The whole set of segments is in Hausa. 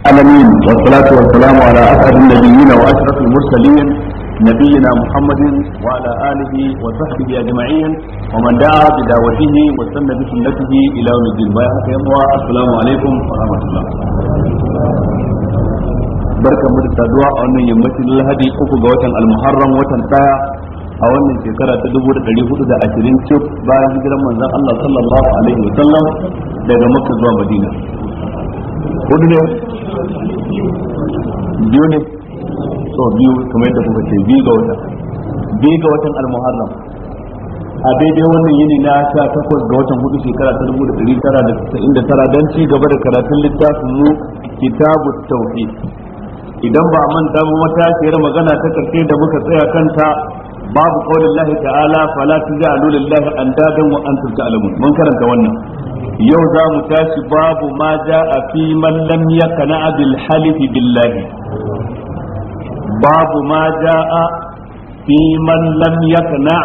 العالمين والصلاة والسلام على أسعد النبيين وأشرف المرسلين نبينا محمد وعلى آله وصحبه أجمعين ومن دعا بدعوته واستنى بسنته إلى يوم الدين السلام عليكم ورحمة الله barka mu da saduwa a wannan yammacin lahadi uku ga watan almuharram watan daya a wannan shekara ta dubu da dari hudu da ashirin cif bayan hijiran manzon Allah sallallahu alaihi wa sallam daga Makka zuwa Madina hudu ne biyu ne so biyu kamar yadda kuka ce biyu ga wata biyu ga watan al-muharram a daidai wannan yini na sha takwas ga watan hudu shekara ta dubu da ɗari tara da tasa'in da tara don ci gaba da karatun littafin mu kitabu tauhid idan ba a manta ba matashiyar magana ta karshe da muka tsaya kanta babu qaulin lahi ta'ala fala taj'alu lillahi andadan wa antum ta'lamun mun karanta wannan yau za mu tashi babu ma ja'a fi man lam yaqna billahi babu ma ja'a fi man lam yaqna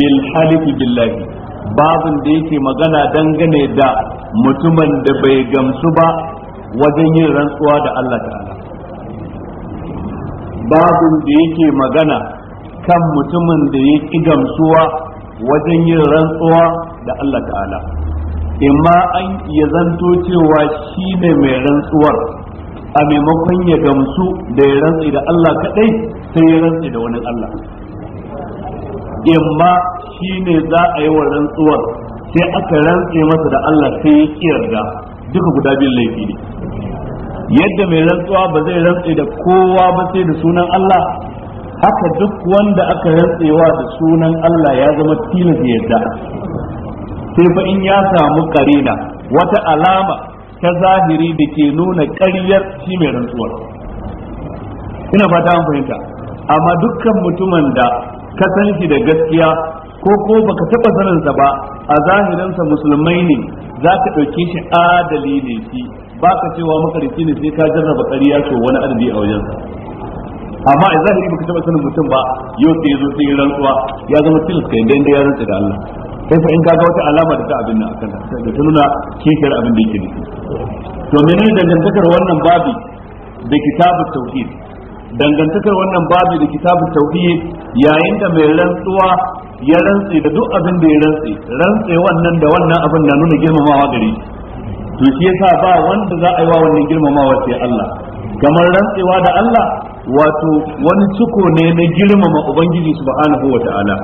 billahi babun da yake magana dangane da mutumin da bai gamsu ba wajen yin rantsuwa da Allah ta'ala babun da yake magana kan mutumin da ya ƙi gamsuwa wajen yin rantsuwa da Allah ta'ala imma an ya zanto cewa shi ne mai rantsuwar a maimakon ya gamsu da ya rantsi da Allah kaɗai sai ya rantsi da wani Allah imma shi ne za a yi wa rantsuwar sai aka rantse masa da Allah sai ya yarda duka guda biyun laifi ne yadda mai rantsuwa ba zai rantse da kowa ba sai da sunan Allah haka duk wanda aka rantsewa da sunan Allah ya zama tilas yadda sai fa in ya samu karina wata alama ta zahiri da ke nuna ƙaryar shi mai rantsuwar ina fata an fahimta amma dukkan mutumin da ka san shi da gaskiya ko ko baka taba saninsa ba a zahirinsa musulmai ne za ka ɗauke shi adali ne shi ba ka cewa makarici ne sai ka jarraba ƙarya to wani adadi a wajensa amma a zahiri baka taba sanin mutum ba yau sai yazo sai rantsuwa ya zama tilas kai dan da ya rantsa da Allah sai fa in kaga wata alama da ta abin nan akan da ta nuna kishiyar abin da yake nufi to menene dangantakar wannan babi da kitabu tauhid dangantakar wannan babi da kitabu tauhid yayin da mai rantsuwa ya rantsi da duk abin da ya rantsi, rantsi wannan da wannan abin na nuna girmamawa gare shi to shi yasa ba wanda za a yi wa wannan girmamawa sai Allah kamar rantsewa da Allah wato wani ciko ne na girmama ubangiji subhanahu wa ta'ala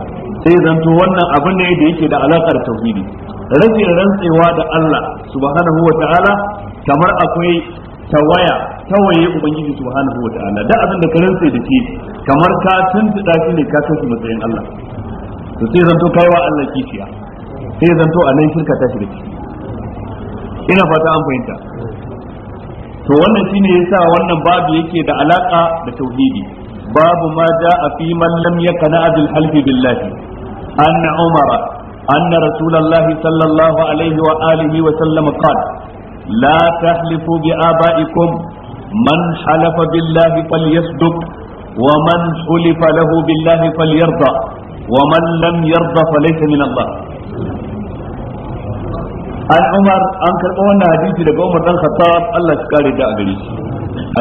sai zanto wannan abin ne da yake da alakar tauhidi rage rantsewa da Allah subhanahu wa ta'ala kamar akwai tawaya tawaye ubangiji subhanahu wa ta'ala da abin da ka rantse da shi kamar ka tuntuɗa shi ne ka kashi matsayin Allah to sai zanto kai wa Allah kishiya sai zanto a nan shirka ta shirki ina fata an fahimta to wannan shine yasa wannan babu yake da alaka da tauhidi babu ma jaa fi man lam yaqna bil halfi billahi anna umara anna rasulullahi sallallahu alaihi wa alihi wa sallam qala la tahlifu bi abaikum man halafa billahi falyasduq ومن حلف له بالله فليرضى ومن لم يرضى فليس من الله an umar an karɓo wannan hadisi daga umar dan khattab Allah ya kare da a gare shi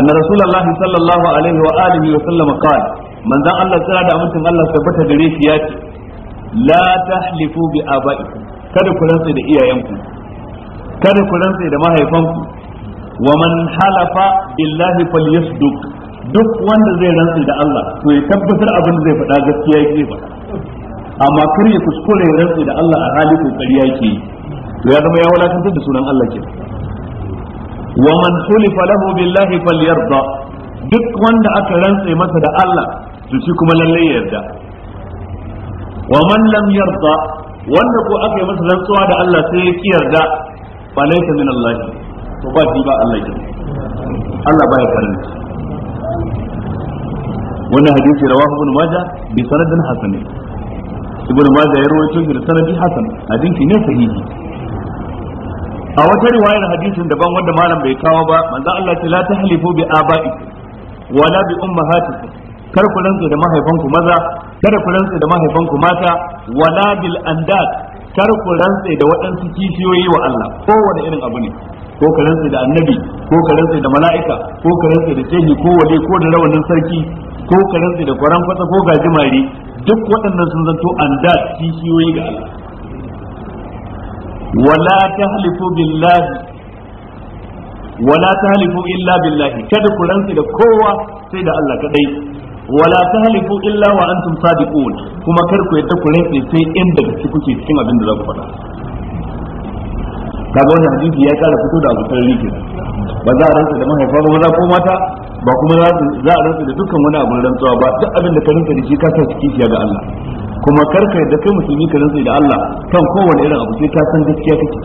anna rasulullah sallallahu alaihi wa alihi wa sallam qala manzon Allah tsara da amincin Allah tabbata gare shi ya ce la tahlifu bi abaikum kada ku rantsa da iyayenku kada ku rantsa da mahaifanku wa man halafa billahi falyasduq duk wanda zai rantsa da Allah to ya tabbatar abin da zai faɗa gaskiya yake ba amma kar ya kuskure rantsa da Allah a halin kokari yake yi ya zama ya walakantar da sunan Allah ke wa man hulifa lahu billahi falyarda duk wanda aka rantse masa da Allah to shi kuma lalle ya yarda wa man lam yarda wanda ko aka yi masa rantsuwa da Allah sai ya ki yarda ba laysa min Allah to ba shi ba Allah ke Allah baya karanta wannan hadisi rawahu ibn majah bi sanadin hasani ibn majah ya rawaito shi da sanadi hasan hadisi ne sahihi a wata riwayar hadisin daban wanda malam bai kawo ba manzo Allah ce la tahlifu bi abaikum wala bi ummahatikum kar ku rantsa da mahaifanku maza kar ku rantsa da mahaifanku mata wala bil andad kar ku rantsa da waɗansu kishiyoyi wa Allah kowane irin abu ne ko ka rantsa da annabi ko ka rantsa da mala'ika ko ka rantsa da shehi ko wali ko da rawanin sarki ko ka rantsa da kwaran fasa ko gajimare duk waɗannan sun zanto andad kishiyoyi ga Allah wala tahlifu بالله wala tahlifu illa بالله kada ku rantsi da kowa sai da Allah kadai wala وانتم illa كما كركو sadiqun kuma kar ku yadda ku rantsi sai inda da kuke cikin abin da za ku faɗa kaga wannan hadisi ya kara fito da abokan sarri ba za a rantsa da mahaifa ba za ko mata ba kuma za a rantsa da dukkan wani abun rantsuwa ba duk abin ka rantsa da shi ka sa ciki ga Allah kuma karka yadda kai musulmi ka rantsi da Allah kan kowane irin abu sai ka san gaskiya kake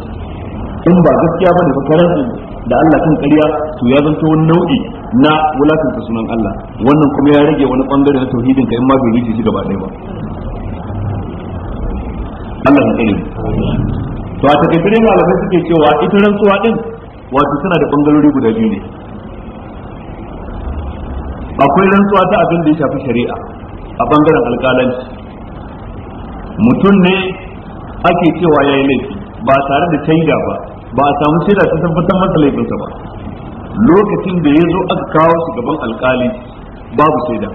in ba gaskiya bane ba karanci da Allah kan ƙarya to ya zanto wani nau'i na ka sunan Allah wannan kuma ya rage wani bangare na tauhidin ka in ma bai rike shi gaba ɗaya ba Allah ya kare to a takaice dai malamai suke cewa ita rantsuwa din wato tana da bangarori guda biyu ne akwai rantsuwa ta abin da ya shafi shari'a a bangaren alƙalanci mutum ne ake cewa ya yi laifi ba tare da shaida ba ba a samu shaida ta tabbatar masa laifinsa ba lokacin da ya zo aka kawo su gaban alkali babu shaida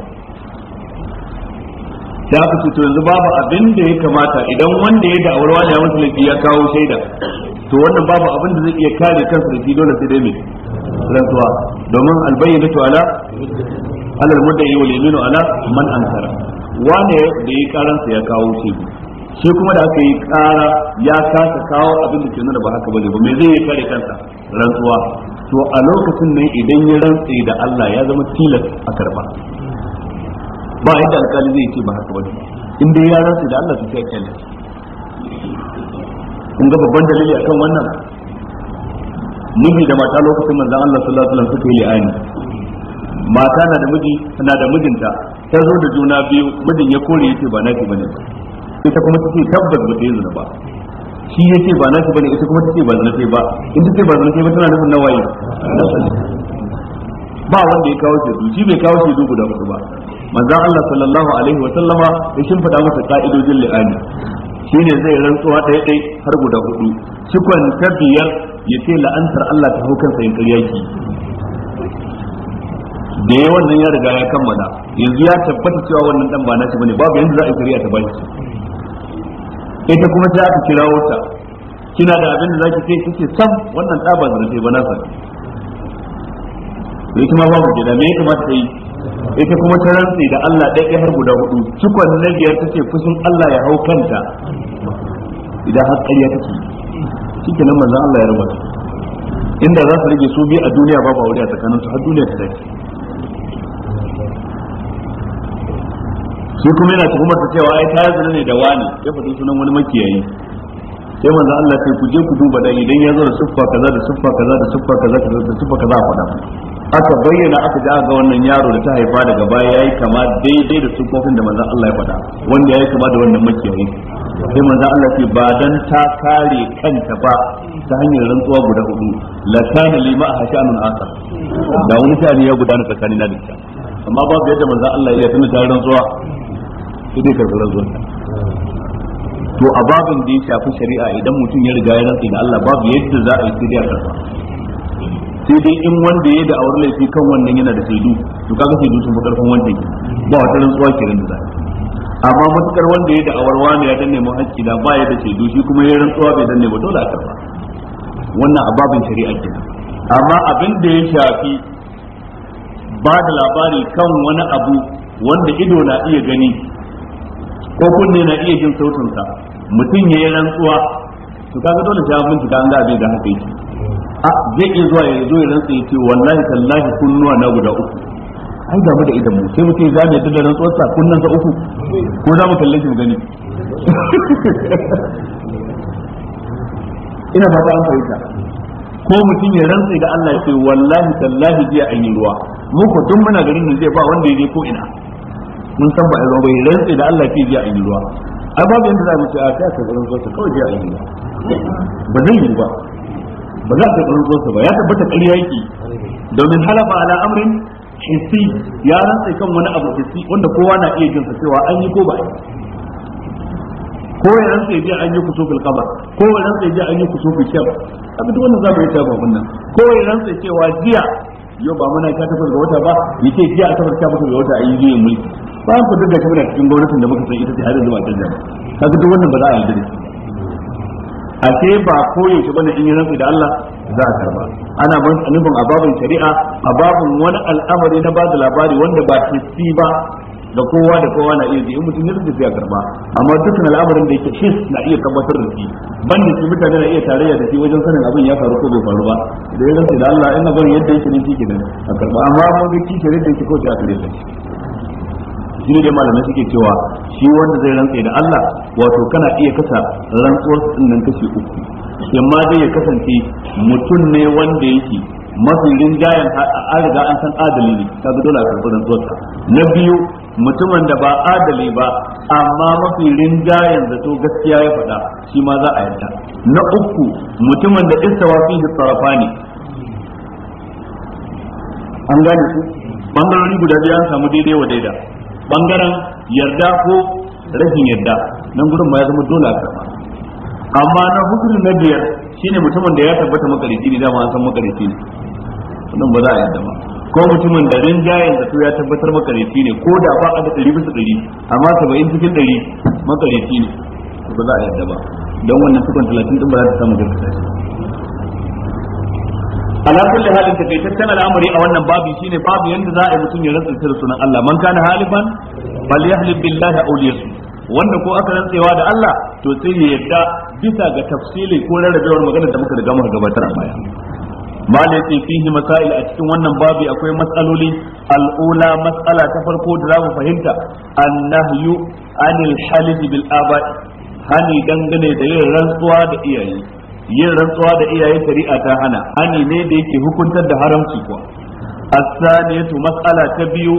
ta aka ce to yanzu babu abin da ya kamata idan wanda ya da'awar wani ya masa laifi ya kawo shaida to wannan babu abin da zai iya kare kansa da shi dole sai dai mai rantsuwa domin albayyana to ala alal yi wa yaminu ala man ankara wane da yi karansa ya kawo shi shi kuma da aka yi kara ya kasa kawo abin da ke nuna ba haka bane ba me zai kare kansa rantsuwa to a lokacin nan idan ya rantsi da Allah ya zama tilas a karba ba yadda alkali zai ce ba haka bane inda ya rantsi da Allah to sai kenan kun ga babban dalili akan wannan miji da mata lokacin manzon Allah sallallahu alaihi wasallam suka yi li'ani mata na da miji na da mijinta ta zo da juna biyu mijin ya kore yace ba naki bane ita kuma take tabbas ba ta yi zina ba shi yace ba naki bane ita kuma take ba zina ba in take ba zina ba tana nufin nawayi ba wanda ya kawo shi shi bai kawo shaidu guda hudu ba manzo Allah sallallahu alaihi wa sallama ya shimfida masa ka'idojin li'ani shine zai rantsuwa ɗaya ɗaya har guda hudu cikon ta biyar ya ce la'antar Allah ta hau kansa yin da ya wannan ya riga ya kammala yanzu ya tabbata cewa wannan dan ba nashi bane babu yanzu za a yi shari'a ta shi. ita kuma sai aka kirawo ta kina da abin da zaki kai kike sam wannan da ba zurfe ba nasa ne kuma babu gida me kuma kamata ta yi ita kuma ta rantsi da Allah ɗaya har guda hudu cikon na biyar ta ce Allah ya hau kanta idan har ƙarya take cikin nan manzon Allah ya rubuta inda za su rage su biyu a duniya babu aure a tsakaninsu har duniya ta tafi shi kuma yana tuhumar ta cewa ai ta yi ne da wani ya faɗi sunan wani makiyayi sai manzo Allah sai ku je ku duba dan idan ya zo da siffa kaza da siffa kaza da siffa kaza da siffa kaza a faɗa aka bayyana aka ji ga wannan yaro da ta haifa daga baya yayi kama daidai da siffofin da manzo Allah ya faɗa wanda yayi kama da wannan makiyayi sai manzo Allah sai ba dan ta kare kanta ba ta hanyar rantsuwa guda hudu la kana lima ahshanun asa da wani shani ya gudana tsakanin da ita amma babu yadda manzo Allah ya tuna tarin zuwa su ne karbar zuwa to a babin da ya shafi shari'a idan mutum ya riga ya rantsa da Allah babu yadda za a yi sai dai a sai dai in wanda ya da awar laifi kan wannan yana da shaidu to kaga shaidu sun fi karfin wannan ba wata rantsuwa kenan da za amma matukar wanda ya da awar wani ya danne mu hakki da ba ya da shaidu shi kuma ya rantsuwa bai danne ba dole a karba wannan a babin shari'a kenan amma abin da ya shafi ba da labari kan wani abu wanda ido na iya gani ko kunne na iya jin sautinsa mutum ya yi rantsuwa to kaga dole sai an bincika an ga abin da haka yake a zai iya zuwa ya zo ya rantsa ya ce wallahi tallahi kunnuwa na guda uku an damu da idan mu sai mutum ya zame da rantsuwar sa kunnan sa uku ko za mu kalle shi mu gani ina fata an fahimta ko mutum ya rantsa da Allah ya ce wallahi tallahi jiya an yi ruwa mu ko duk muna garin nan zai ba wanda ya je ko ina mun san ba ruwa bai rantsi da Allah ke ji a yi ruwa ai babu yanda za mu ce a kai ka garin zuwa kawai ji a yi ruwa ba zai yi ba ba za ka garin zuwa ba ya tabbata ƙarya yake domin halafa ala amrin hissi ya rantsi kan wani abu hissi wanda kowa na iya jin sa cewa an yi ko ba yi ko ya rantsa ji an yi fil qabr ko ya rantsa ji an yi fil sham abin duk wannan za mu yi ta babun nan ko ya rantsa cewa jiya yau ba muna sha takwas ga wata ba ya jiya asabar ta mutu ga wata ayi zuwa mulki ba ku da gashi muna cikin gwamnatin da muka san ita ce har yanzu ba ta ka ga duk wannan ba za a yarda a ce ba koyaushe bane in yi rantsi da Allah za a karba ana ban nufin a babin shari'a a babin wani al'amari na ba da labari wanda ba hissi ba da kowa da kowa na iya ji in mutum ya rubuta sai a karba amma dukkan al'amarin da yake shi na iya tabbatar da shi banda shi mutane na iya tarayya da shi wajen sanin abin ya faru ko bai faru ba da ya rantsa da Allah ina bari yadda yake ne shi nan. a karba amma mu ga kike da yake ko ta a shi shi ne malamai suke cewa shi wanda zai rantsa da Allah wato kana iya kasa rantsuwar nan kashi uku amma dai ya kasance mutum ne wanda yake mafi rinjayen a riga an san adali ne kaga dole a karɓi rantsuwarsa na biyu mutumin da ba adali ba amma mafi rinjayen zato gaskiya ya faɗa shi ma za a yanta na uku mutumin da istawa fi sarrafa ne an gane su bangarori guda biyu an samu daidai wa daida ɓangaren yarda ko rashin yarda nan gudun ma ya zama dole a karɓa amma na hukuri na biyar shine mutumin da ya tabbata makarici ne dama an san makarici ne wannan ba za a yadda ba ko mutumin da rinjayen zato ya tabbatar makareci ne ko da ba a da ɗari bisa ɗari amma saba'in cikin ɗari makareci ne ba za a yarda ba don wannan sukun talatin ɗin ba za ta samu gaskata shi ala kulli halin ta kaitaccen al'amari a wannan babu shine babu yanda za a yi mutum ya rantsa da sunan Allah man kana bal yahlib billahi aw wanda ko aka rantsewa da Allah to sai ya yadda bisa ga tafsili ko rarrabewar maganar da muka riga muka gabatar a baya ma da fihi masail a cikin wannan babu akwai matsaloli al'ula matsala ta farko da za fahimta annahyu anil halifi bil aba'i hani dangane da yin rantsuwa da iyaye yin rantsuwa da iyaye shari'a ta hana hani ne da yake hukuntar da haramci kuwa biyu مسألة تبيو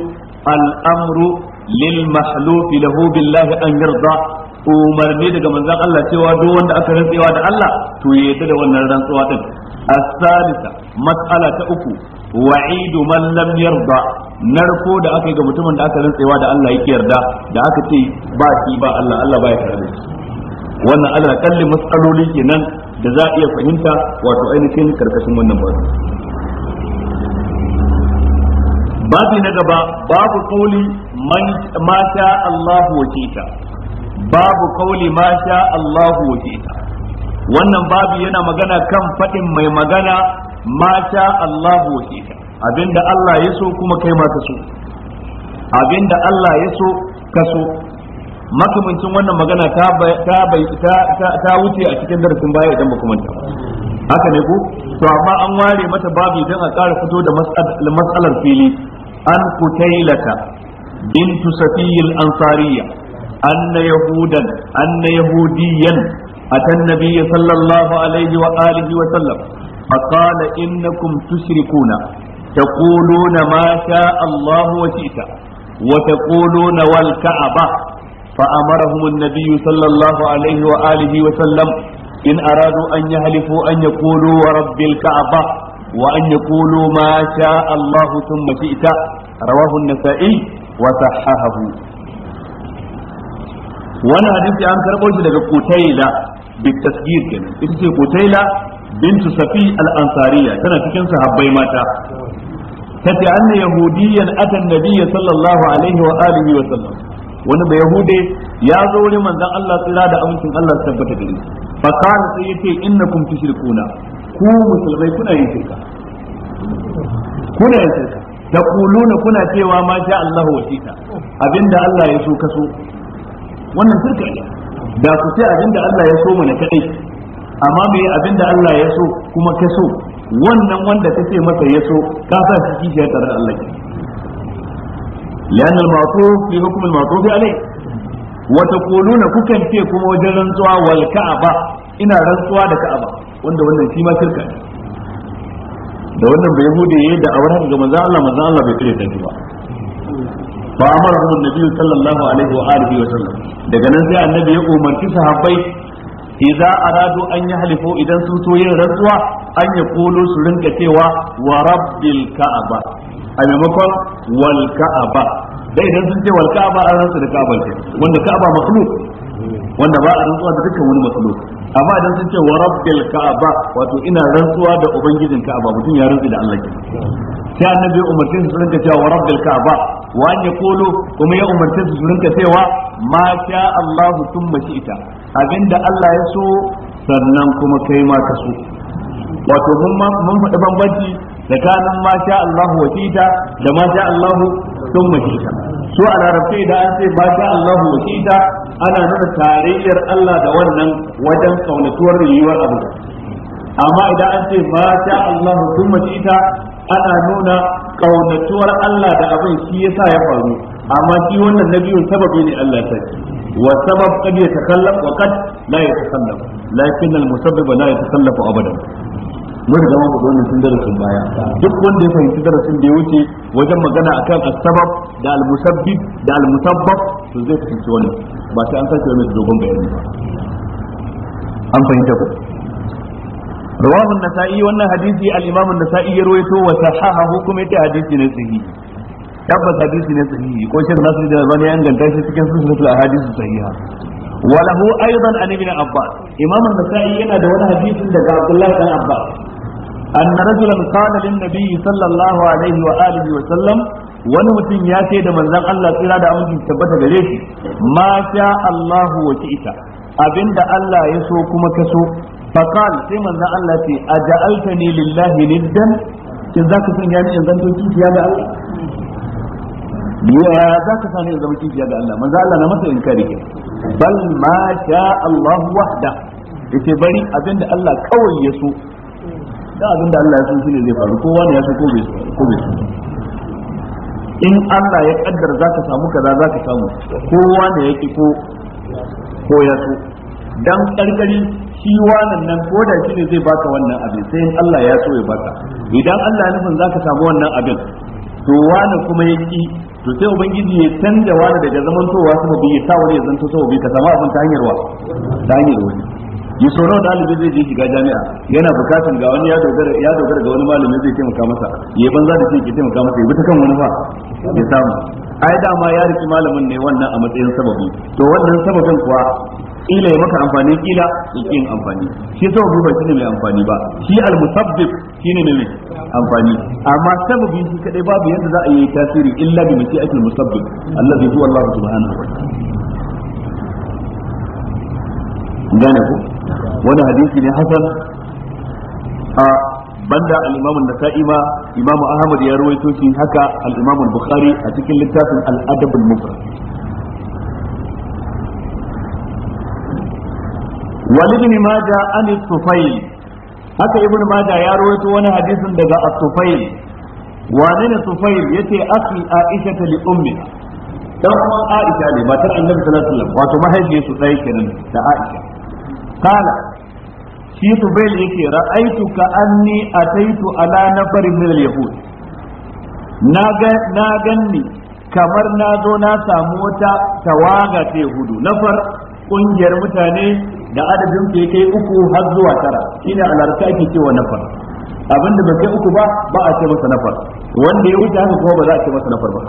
الأمر للمحلوف له بالله أن يرضى umarni daga manzan Allah cewa duk wanda aka rantsewa da Allah to ya yarda da wannan rantsuwa din الثالثة مسألة أكو وعيد من لم ba, narko da aka yi ga mutumin da aka rantsewa da Allah yake yarda da aka ce ba shi ba Allah Allah ba ya wannan Allah kallin matsaloli kenan da za a iya fahimta wato ainihin karkashin wannan ba babi na gaba babu kauli ma sha Allahu wa babu wannan babu yana magana kan faɗin mai magana mata Allahu hita abinda Allah ya so kuma kai ma ka so abinda Allah ya so ka so makamancin wannan magana ta ta wuce a cikin darasin baya idan ba kuma haka ne ko to amma an ware mata babu idan a ƙara fito da mas'alar fili an kutailata bintu safiyil ansariya anna yahudan anna yahudiyan أتى النبي صلى الله عليه وآله وسلم فقال إنكم تشركون تقولون ما شاء الله وشئت وتقولون والكعبة فأمرهم النبي صلى الله عليه وآله وسلم إن أرادوا أن يهلفوا أن يقولوا ورب الكعبة وأن يقولوا ما شاء الله ثم شئت رواه النسائي وصححه wannan hadisi an karɓo shi daga kutaila bitasgir kenan ita ce Qutayla bintu Safi al-Ansariya tana cikin sahabbai mata tace anna yahudiyyan ata an-nabiy sallallahu alaihi wa sallam wani ba yahude ya zo wurin manzon Allah tsira da amincin Allah su tabbata gare shi fa kana sai yace innakum tushrikuna ku musulmai kuna yin shirka kuna yin shirka da taquluna kuna cewa ma sha Allah wa shita abinda Allah ya so kaso wannan shirka ne da ku ce abinda Allah ya so mana kadai amma me abinda Allah ya so kuma ka so wannan wanda kace masa ya so ka sa shi kishiyar tare ma'tu fi hukm al ma'tu حكم wa taquluna وتقولون ce kuma wajen rantsuwa wal ka'aba ina rantsuwa da ka'aba wanda wannan shi ma shirka da wannan bai hude yayin da auren ga manzo Allah manzo Allah bai kire ta ba fa amarahum annabi sallallahu alaihi wa alihi wa sallam daga nan sai annabi ya umarci sahabbai idza aradu an yahlifu idan sun so yin rantsuwa an ya kolo su rinka cewa wa rabbil ka'aba a maimakon wal ka'aba dai idan sun ce wal ka'aba an rantsu da ka'aba wanda ka'aba makhluq wanda ba a rantsuwa da dukkan wani makhluq amma idan sun ce wa rabbil ka'aba wato ina rantsuwa da ubangijin ka'aba mutum ya rantsi da Allah ke sai annabi umarce su rinka cewa wa rabbil ka'aba wa an yaqulu kuma ya umarce su rinka cewa ma sha Allah thumma shi'ta abinda Allah ya so sannan kuma kai ma ka so wato mun mun faɗi bambanci tsakanin ma sha Allah wa shi'ta da ma sha Allah thumma shi'ta su a larabci idan an ce ba sha Allahu wa ana nuna tarayyar Allah da wannan wajen kaunatuwar rayuwar abu amma idan an ce ba sha Allahu thumma ita ana nuna kaunatuwar Allah da abin shi yasa ya faru amma shi wannan na biyun sababi ne Allah ta saki wa sabab kad yatakallam wa kad la yatakallam lakin al musabbib la yatakallam abadan mun riga mun wani sun tun darasin baya duk wanda ya fahimci darasin da ya wuce wajen magana a akan asbab da almusabbib da almusabbab to zai fahimci wani. ba sai an sake wani dogon bayani ba an fahimta ku رواه النسائي وان حديثي الامام النسائي يرويته وصححه كما يتي na نسيه tabbas hadisi na sahihi ko shek nasir da albani ya inganta shi cikin sunnatul ahadith sahiha wa lahu aidan an na Abba. imam da sa'i yana da wani hadisin daga abdullah dan Abba. أن رجلا قال للنبي صلى الله عليه وآله وسلم wani mutum ya ce da manzon Allah tsira da amincin tabbata gare shi ma sha Allahu wa ita abinda Allah ya so kuma ka so faqal sai manzon Allah ce aja'altani lillahi niddan kin zaka sanya ni in zanto kifiya ga Allah ya zaka sani in zama kifiya ga Allah manzon Allah na masa inkari ke bal ma sha Allahu wahda yace bari abinda Allah kawai ya so da abin da Allah ya so shine zai faru kowa ne ya so ko bai ko bai in Allah ya kaddara zaka samu kaza zaka samu kowa ne ya ki ko ko ya so dan karkari shi wannan nan ko da shi ne zai baka wannan abin sai in Allah ya so ya baka idan Allah ya nufin zaka samu wannan abin to wani kuma ya ki to sai ubangiji ya canja wani daga zamantowa saboda ya sa wani ya zanto saboda ka samu abin ta hanyar wa ta hanyar wani ya so nawa ɗalibin zai je shiga jami'a yana bukatun ga wani ya dogara ya ga wani malamin zai taimaka masa ya banza da shi ke taimaka masa ya bi ta kan wani fa ya samu ai dama ya riki malamin ne wannan a matsayin sababi to wannan sababin kuwa kila ya maka amfani kila ya yin amfani shi sababi ba ne mai amfani ba shi al shi ne mai amfani amma sababi shi kadai babu yadda za a yi tasiri illa bi mashi'atil musabbib allazi huwa Allah subhanahu wa ta'ala gane ku wani hadisi ne hasan a banda al-imam an-nasa'i ma imam ahmad ya rawaito shi haka al-imam bukhari a cikin littafin al-adab al-mufrad walibni maja an tufail haka ibn maja ya rawaito wani hadisin daga at-tufail wane ne tufail yace akhi aisha li ummiha dan uwan aisha ne matar annabi sallallahu alaihi wasallam wato mahaifiyarsu dai kenan da aisha kala shi tubail yake ra'aitu ka anni ataitu ala nafarin min al-yahud na ga na ganni kamar na zo na samu wata tawaga ta yahudu nafar kungiyar mutane da adadin ke kai uku har zuwa tara shine a larabci ake cewa nafar abinda ba kai uku ba ba a ce masa nafar wanda ya wuce haka kuma ba za a ce masa nafar ba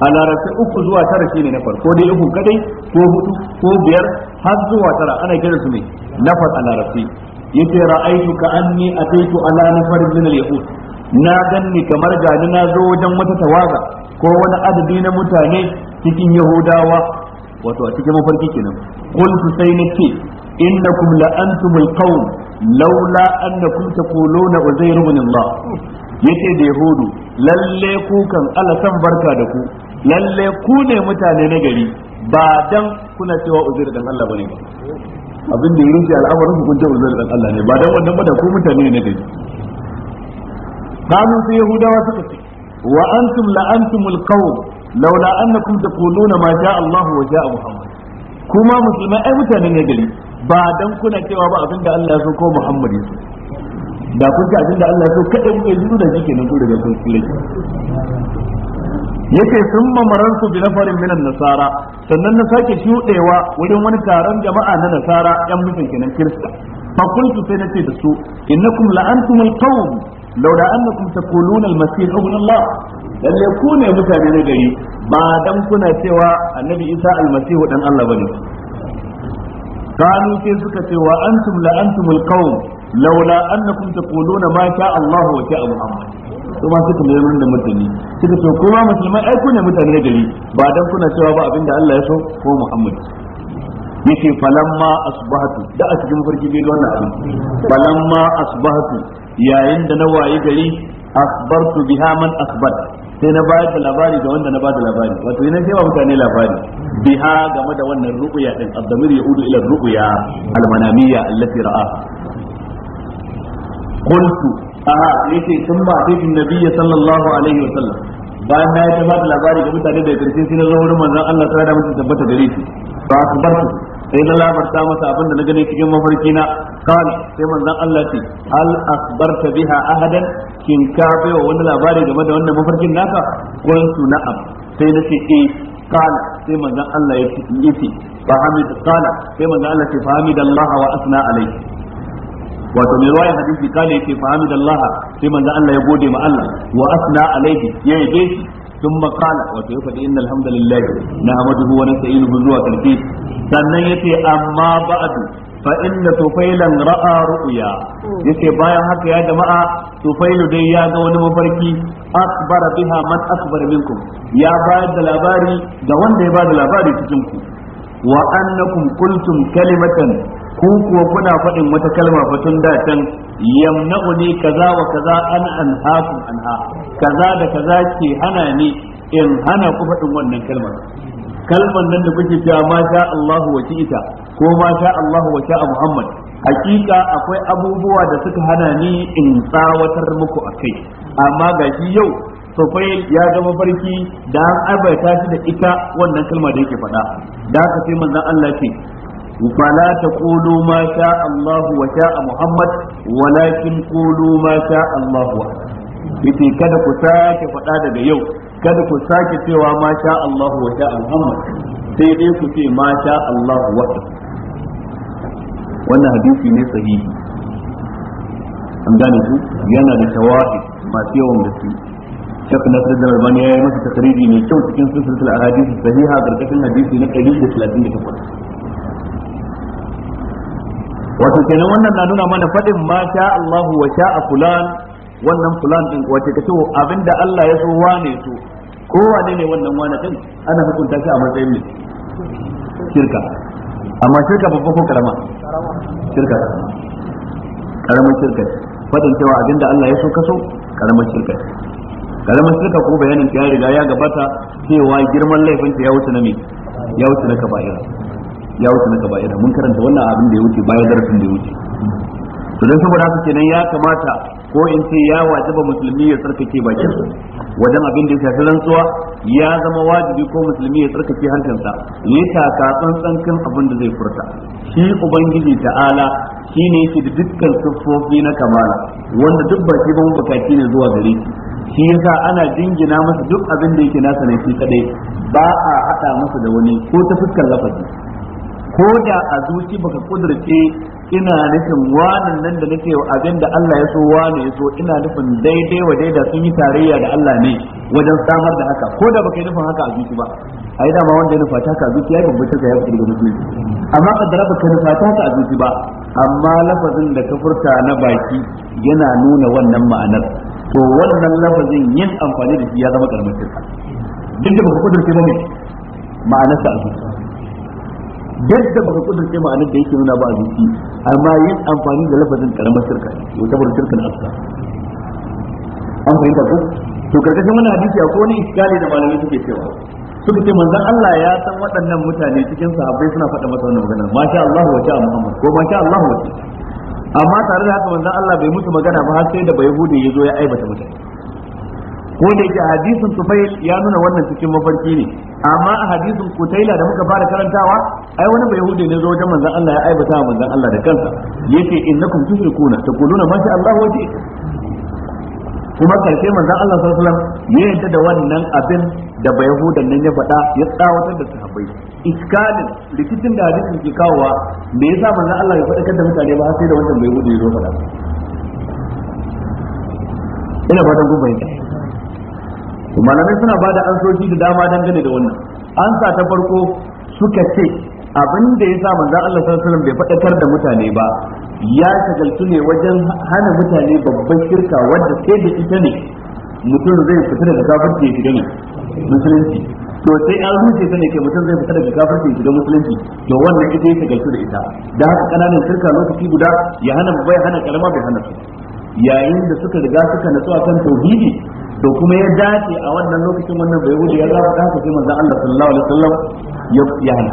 a larabci uku zuwa tara shine nafar ko dai uku kadai ko hudu ko biyar har zuwa tara ana kiransu mai nafas a larabci yace ra'aitu ka anni ataitu ala nafarin min al-yahud na ganni kamar gani na zo wajen wata tawaga ko wani adadi na mutane cikin yahudawa wato a cikin mafarki kenan su sai nace innakum la antumul qawm laula annakum taquluna uzair ibn Allah yace da yahudu lalle ku kan alasan san barka da ku lalle ku ne mutane na gari ba dan kuna cewa uzair dan Allah bane ba abin da yake al'amarin ku kun ce uzair dan Allah ne ba dan wannan ba da ku mutane ne dai kanu sai yahudawa suka ce wa antum la antumul qawm laula annakum taquluna ma sha Allah wa sha Muhammad kuma musulmai ai mutane ne gari ba dan kuna cewa ba abin da Allah ya so ko Muhammad ya so da kun ce abin da Allah ya so kada ku yi da shi nan ku daga kun kire yace sun mamarantu bi nafarin minan nasara sannan na sake shuɗewa wurin wani taron jama'a na nasara yan mutum kenan kirista fa kuntu sai ce da su innakum la'antumul qawm laula annakum taquluna al-masih ibn Allah lalle ku ne mutane na gari ba dan kuna cewa annabi Isa al dan Allah bane kanu sai suka ce wa antum la'antumul qawm laula annakum taquluna ma sha Allah wa sha Muhammad su ma suka mai da mutane suka ce kuma musulmai ai ne mutane gari ba dan kuna cewa ba abinda Allah ya so ko Muhammad yace falamma asbahatu da a cikin farki bai da wannan abin falamma asbahatu yayin da na wayi gari akhbartu biha man sai na bayar da labari ga wanda na ba da labari wato ina sai wa mutane labari biha game da wannan ruqya din abdamir yaudu ila ruqya almanamiyya allati ra'aha qultu aha yace sun ba sai bin nabiyyi sallallahu alaihi wasallam bayan na ya ba da labari ga mutane da karshe sai na zo wurin manzon Allah sai da mutum tabbata gare shi to akbar sai na labarta masa abin da na gane cikin mafarki na kana sai manzon Allah ce al akhbarta biha ahadan kin ka wa wani labari game da wannan mafarkin naka su na'am sai na ce eh sai manzon Allah ya ce Ba hamid kana sai manzon Allah ya ce fa Allah wa asna alaihi wato mai ruwaya hadisi kale yake fa hamidallaha sai manzo Allah ya gode ma Allah wa asna alaihi ya yabe shi ثم قال وكيف إن الحمد لله نحمده ونستعينه zuwa karfi sannan yace amma ba'du fa inna tufailan ra'a ru'ya yace bayan haka ya jama'a tufailu dai ya ga wani mafarki akbara biha man akbar minkum ya bayar da labari ga wanda ya bada labari cikin ku wa annakum qultum kalimatan ku kuwa kuna faɗin wata kalma tun da can ne kaza wa kaza an an anha kaza da kaza ke hana ni in hana ku faɗin wannan kalmar kalmar nan da kuke cewa ma sha Allah wa ita ko ma sha Allah wa sha Muhammad hakika akwai abubuwa da suka hana ni in tsawatar muku akai amma ga shi yau sofai ya zama farki da an abaita shi da ita wannan kalma da yake faɗa da ka sai manzon Allah ce فلا تقولوا ما شاء الله وشاء محمد ولكن قولوا ما شاء الله وحده kada ku sake faɗa daga yau kada ku sake cewa ma sha Allah wa sha Muhammad sai dai ku ce ma sha Allah wa wannan hadisi ne sahihi an gane ku yana da shawahi masu yawan gaske na Nasir da Albani ya yi masa takariri mai kyau cikin a hadisi sahiha a gargashin hadisi na da da talatin takwas. wato kenan wannan na nuna mana fadin ma sha Allahu wa sha fulan wannan fulan din wato kace abinda Allah ya so wane so ko wane ne wannan wane din ana hukunta shi a matsayin ne shirka amma shirka babba ko karama shirka karamar shirka fadin cewa abinda Allah ya so kaso karamar shirka karamar shirka ko bayanin ya riga ya gabata cewa girman laifin ta ya wuce na me ya wuce na kaba'ira ya wuce na kaba'ira mun karanta wannan abin da ya wuce bayan darasin da ya wuce to dan saboda haka kenan ya kamata ko in ce ya ba musulmi ya tsarkake bakin sa wajen abin da ya shafi rantsuwa ya zama wajibi ko musulmi ya tsarkake hankansa ya taka tsantsan kan abin da zai furta shi ubangiji ta'ala shi ne shi da dukkan siffofi na kamala wanda duk ba shi ba bukaci ne zuwa gare shi shi yasa ana jingina masa duk abin da yake nasa ne shi kadai ba a hada masa da wani ko ta fuskar lafazi ko da a zuci baka kudurce ina nufin wanan nan da nake abin da Allah ya so wani ya so ina nufin daidai wa daida sun yi tarayya da Allah ne wajen samar da haka ko da baka yi nufin haka a zuci ba a yi dama wanda ya nufa ta ka a zuci ya babbar ka ya fita daga musulunci amma dara baka nufa ta ka a zuci ba amma lafazin da ka furta na baki yana nuna wannan ma'anar to wannan lafazin yin amfani da shi ya zama karmatin duk da baka kudurce ba ma'anar ma'anarsa a zuci da baka kudurce ma'anar da yake nuna ba a zuci amma yin amfani da lafazin karamar shirka ne wata bar shirka na aska an fahimta ko to karkashin wani hadisi a wani iskali da malamai suke cewa suka ce manzon Allah ya san waɗannan mutane cikin sahabbai suna faɗa masa wannan magana masha Allah wa ta Muhammad ko masha Allah wa amma tare da haka manzon Allah bai musu magana ba har sai da bai hude ya zo ya aibata mutane ko da yake hadisin tufai ya nuna wannan cikin mafarki ne amma a hadisin kutaila da muka fara karantawa ai wani bai hude ne zo wajen manzon Allah ya aibata wa manzon Allah da kansa yace innakum tusrikuna taquluna ma sha Allah waje kuma karshe manzon Allah sallallahu alaihi wasallam ya yadda da wannan abin da bai hudan nan ya faɗa ya tsawatar da sahabbai iskalin likitin da hadisin ke kawowa me yasa manzon Allah ya faɗa da mutane ba sai da wannan bai hude ya zo faɗa ina fatan kun gubayin to malamai suna ba da ansoci da dama dangane da wannan ansa ta farko suka ce abin da ya sa manzon Allah sallallahu alaihi wasallam bai faɗakar da mutane ba ya shagaltu ne wajen hana mutane babban shirka wadda sai da ita ne mutum zai fita daga kafirci ya shiga musulunci to sai an rufe ta ne ke mutum zai fita daga kafirci ya shiga musulunci to wannan ita ya shagaltu da ita da haka kananan shirka lokaci guda ya hana bai hana karama bai hana su yayin da suka riga suka natsu kan tauhidi to kuma ya dace a wannan lokacin wannan bai wuce ya za a dace sai manzon Allah sallallahu alaihi wasallam ya ya hana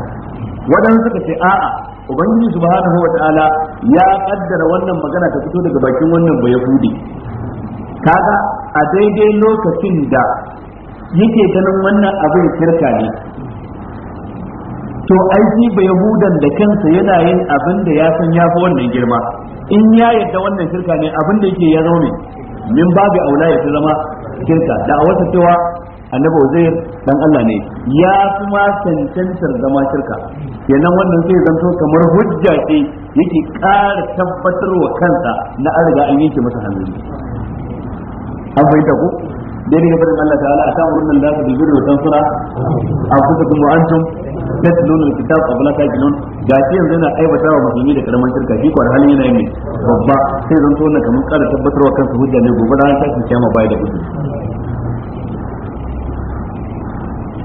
wadansu suka ce a'a ubangiji subhanahu wataala ya kaddara wannan magana ta fito daga bakin wannan bai yahudi kaga a daidai lokacin da yake ganin wannan abin kirka ne to shi bai yahudan da kansa yana yin abin da ya san ya fi wannan girma in ya yadda wannan shirka ne abin da yake ya zaune min babu aula ya zama shirka wata cewa annabi uzair dan Allah ne ya kuma cancantar zama shirka kenan wannan sai zanto kamar hujja ce yake ƙara tabbatarwa kansa na an riga an yanke masa hannu an fahimta ko dai ne barin Allah ta'ala a kan wurin da za su bilbiri wa tansura a kusa kuma antum tatlun alkitab abu la tajlun gashi yanzu yana aibata wa musulmi da karaman shirka shi ko halin yana yin babba sai zan tona kamar kada tabbatarwa kan hujja ne gobe ranar tashin kiyama baya da hujja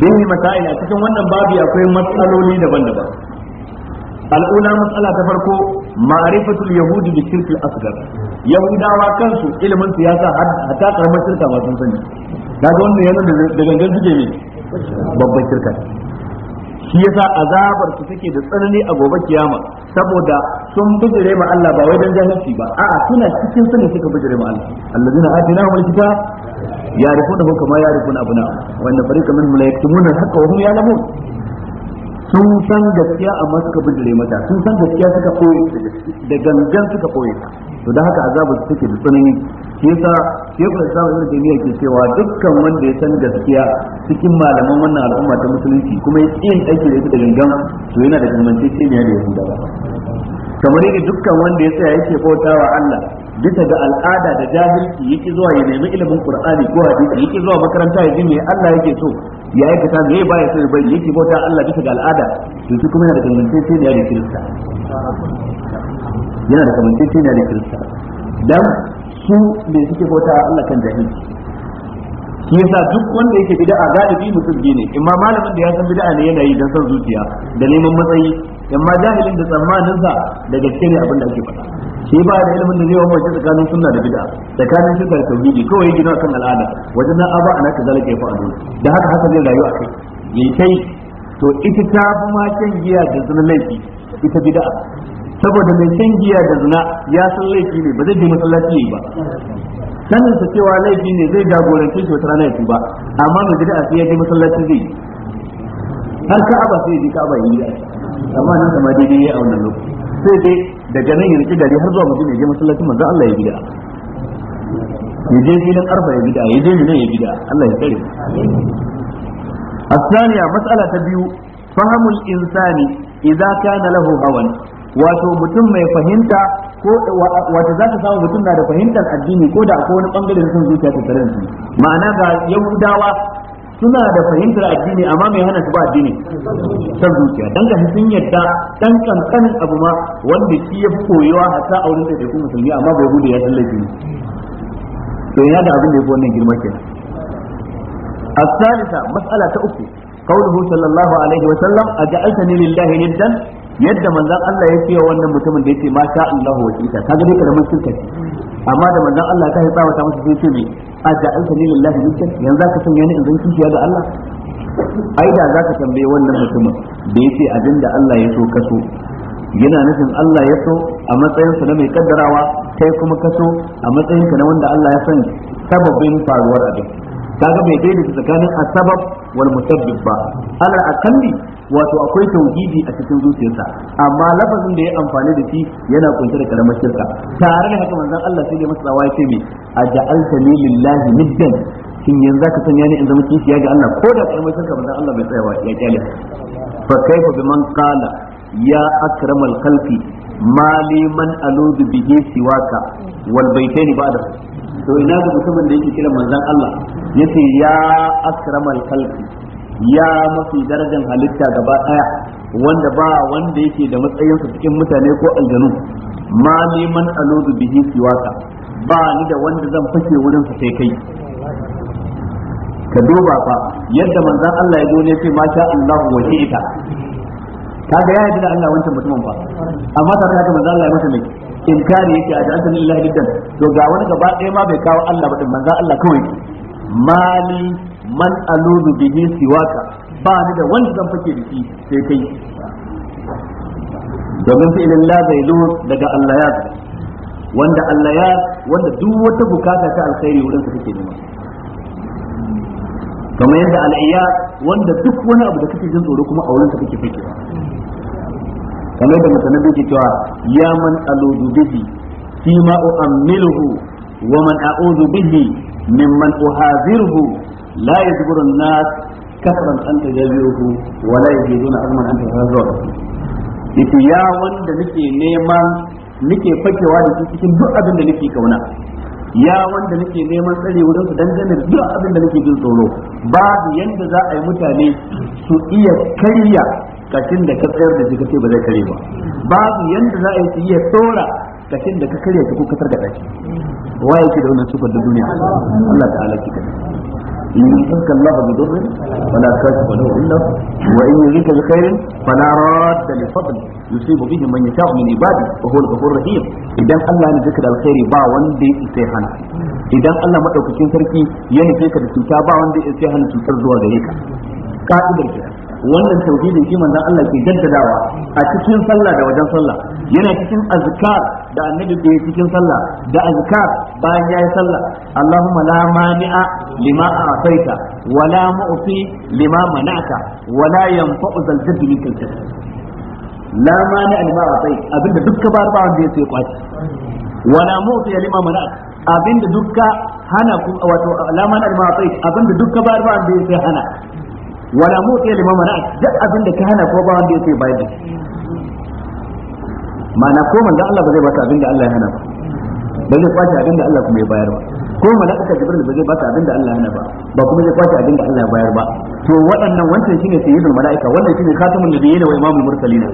fihi masail a cikin wannan babu akwai matsaloli daban-daban al'ula matsala ta farko ma'arifatul yahudi da kirki al yahudawa kansu ilimin siyasa ta karamar shirka masu sun sani daga wannan yanar da gangan suke ne babban shirka shi yasa azabar su take da tsanani a gobe kiyama saboda sun bijire ma Allah ba wai dan jahilci ba a'a suna cikin sani suka bijire ma Allah allazina atinahum alkitab ya'rifunahu kama ya'rifuna abna wa inna fariqan minhum la yaktumuna al-haqqa wa hum ya'lamun sun san gaskiya amma suka bijire mata sun san gaskiya suka koye da gangan suka koye to da haka azabu su take da tsanani shi yasa shehu da ibn taymiya ke cewa dukkan wanda ya san gaskiya cikin malaman wannan al'umma ta musulunci kuma ya yin aiki da da gangan to yana da kamance ce ne da yahudawa kamar yadda dukkan wanda ya tsaya yake bautawa Allah bisa ga al'ada da jahilci yake zuwa ya nemi ilimin qur'ani ko hadisi yake zuwa makaranta ya ji me Allah yake so ya aikata me ba ya so bai yake bauta Allah bisa ga al'ada to shi kuma yana da kamantacce ne da kirista yana da kamantacce ne da kirista dan su me suke bauta Allah kan jahilci shi yasa duk wanda yake bid'a galibi mutum biyu ne imma malamin da ya san bid'a ne yana yi dan san zuciya da neman matsayi amma jahilin da tsammanin sa da gaske abin da ake faɗa shi ba da ilimin da zai wa mace tsakanin sunna da bid'a tsakanin shi da tauhidi kawai ya gina kan al'ada wajen na aba ana ka zalika yafi adun da haka haka zai rayu akai, kai yayi kai to ita ta fi ma shan giya da zuna laifi ita bid'a saboda mai shan giya da zina ya san laifi ne ba zai je masallaci ba sanin sa cewa laifi ne zai jagoranci shi wata rana ba amma mai bid'a sai ya je masallaci zai har ka sai ya je ka'aba yi amma nan sama daidai ya a wannan lokaci sai dai daga nan yanki gari har zuwa mutum ya je masallacin manzo Allah ya bid'a ya je gidan arfa ya bid'a ya je mina ya bid'a Allah ya Saniya matsala ta biyu فهم الإنسان إذا كان lahu hawan wato mutum mai fahimta ko wata za ta samu mutum na da fahimtar addini ko da akwai wani bangare na son zuciya ta da su? ma'ana ga yahudawa suna da fahimtar addini amma mai hana su ba addini san zuciya dan ga sun yadda dan kankanin abu ma wanda shi ya koyewa hatta a wurin da musulmi amma bai gudu ya san laifi to yana da abin da ya fi wannan girma kenan الثالثة مسألة أخرى قوله صلى الله عليه وسلم أجعلتني لله ندا yadda manzan Allah ya fiye wannan mutumin da yake ma sha Allah wa gani ka da karamin shirka ce amma da manzan Allah ta tsawa ta masa sai ce me aja'alta ni lillahi minka yanzu ka sanya ni in zan kishiya da Allah ai da zaka tambaye wannan mutumin da yace da Allah ya so kaso yana nufin Allah ya so a matsayinsa na mai kaddarawa kai kuma kaso a matsayinka na wanda Allah ya san sababin faruwar abin kaga bai daidaita tsakanin asbab wal musabbib ba ala akalli wato akwai tauhidi a cikin zuciyarsa amma lafazin da ya amfani da shi yana kunshe da karamar shirka tare da haka manzon Allah sai ya masa tsawa ce me aja'altani lillahi niddan shin yanzu ka sanya ni in zama kishiya ga Allah ko da karamar shirka manzon Allah bai tsaya ya kyale fa kaifa biman qala ya akramal khalqi ma liman aludu bihi siwaka wal baitaini ba'da to ina ga mutumin da yake kira manzon Allah yace ya akramal khalqi ya mafi darajar halitta gaba daya wanda ba wanda yake da matsayinsa cikin mutane ko aljanu ma liman aludu bihi siwaka ba ni da wanda zan fashe wurin sa sai kai ka duba fa yadda manzon Allah ya zo sai ma sha Allah wa kaga ya yi da Allah wancan mutumin fa amma ta haka manzon Allah ya masa mai inkari yake a ja'alta lillahi diddan to ga wani gaba ɗaya ma bai kawo Allah ba din manzon Allah kawai mali man al'udu bihi siwaka ba ni da wanda zan fake da shi sai kai domin fi'ilin la zailu daga Allah ya wanda Allah ya wanda duk wata bukata ta alkhairi wurin sa kake nema kamar yadda al'iyya wanda duk wani abu da kake jin tsoro kuma a wurin sa kake fake kamar yadda mutanen ke cewa ya man al'udu bihi fi ma u'ammiluhu wa man a'udhu bihi mimman uhadhiruhu la yajburu an-nas kasran an tajawihu wa la yajiduna azman an tajawihu yace ya wanda nake neman nake fakewa da cikin duk abin da nake kauna ya wanda nake neman tsare wurin su dangane da duk abin da nake jin tsoro ba babu yanda za a yi mutane su iya karya kashin da ka tsayar da jika sai ba zai kare ba Ba babu yanda za a yi su iya tsora kashin da ka karya ta ko kasar da ɗaki. waye ke da wannan sufar da duniya Allah ta'ala ki kadai إن يشرك الله بضر فلا كاشف له إلا وإن يريك بخير فلا راد لفضله يصيب به من يشاء من عباده وهو الغفور الرحيم إذا الله ذكر الخير با وندي سيحنا إذا الله ما أوكي سركي يهديك بسيطة با وندي سيحنا تلتر زوا ذلك قائد الكلام wannan tauhidin shi manzon Allah ke jaddadawa a cikin sallah da wajen sallah yana cikin azkar da annabi ke cikin sallah da azkar bayan yayi sallah Allahumma la mani'a lima a'taita wa la mu'ti lima mana'ta wa la yanfa'u zal jaddi minkal jaddi la mani'a lima a'taita abinda dukkan barbawan da yake kwaci wa la mu'ti lima mana'ta abinda dukka hana ku wato lima almatai abinda dukka ba ba da yake hana wala mutu ya limama na duk abin da ka hana ko ba wanda yake bayar da ma'ana ko manzo Allah ba zai baka abin da Allah ya hana ba ba zai kwace abin da Allah kuma ya bayar ba ko mala'ika jibril ba zai baka abin da Allah ya hana ba ba kuma zai kwace abin da Allah ya bayar ba to waɗannan wancan shine sayyidul mala'ika wannan shine khatamun nabiyyin wa imamul mursalin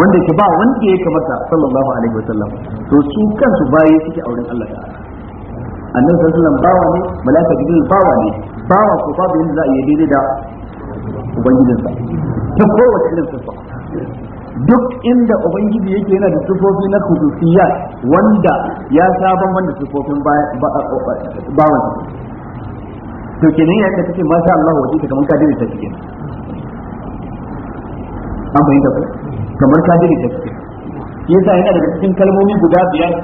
wanda ke ba wanda ya kamata sallallahu alaihi wasallam to su kansu bayi suke auren Allah ta'ala annabi sallallahu alaihi wasallam bawa ne mala'ika jibril bawa ne bawa ko babu yadda za a yi daidai da ubangijinsa ta kowace irin siffa duk inda ubangiji yake yana da sufofi na khususiyya wanda ya saban wanda sifofin bawan to kenan yayin da kake masha Allah waje ta kamar kadiri ta cikin an bayyana ko kamar kadiri ta cikin yasa yana daga cikin kalmomi guda biyar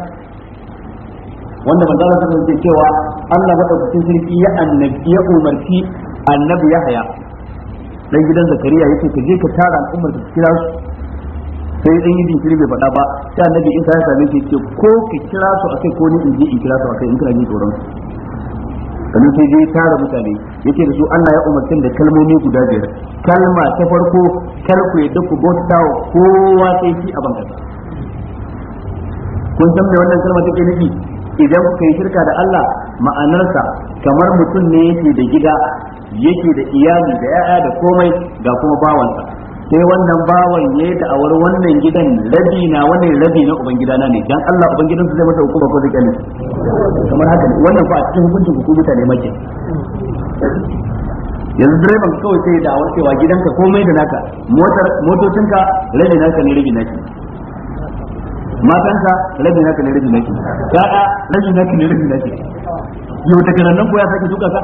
wanda manzo Allah sallallahu alaihi cewa Allah madaukakin sarki ya annabi ya umarci annabi Yahya dan gidan Zakariya yake ka je ka tara al'ummar ka kira su sai dan yi jinkiri bai faɗa ba sai annabi Isa ya same shi ce ko ka kira su akai ko ni in je in kira su akai in kira ni tsoron su kamar sai dai tara mutane yake da su Allah ya umarci da kalmomi guda biyar kalma ta farko kar ku yadda ku bauta kowa sai shi a bangasa kun san me wannan kalma take nufi idan kuka yi shirka da Allah ma'anarsa kamar mutum ne yake da gida yake da iyali da 'ya'ya da komai ga kuma bawansa sai wannan bawan ya da awar wannan gidan rabi na wannan rabi na ubangidana ne dan Allah ubangidansa zai mata hukuma ko zai kyale kamar haka ne wannan fa a cikin hukuncin hukumta ne make yanzu direban kawai sai da awar cewa gidanka komai da naka motar motocinka rabi naka ne rabi naka ka, rabin naka ne rabin naki ka'a rabin naki ne rabin naki yau daga nan ko ya sake duka ka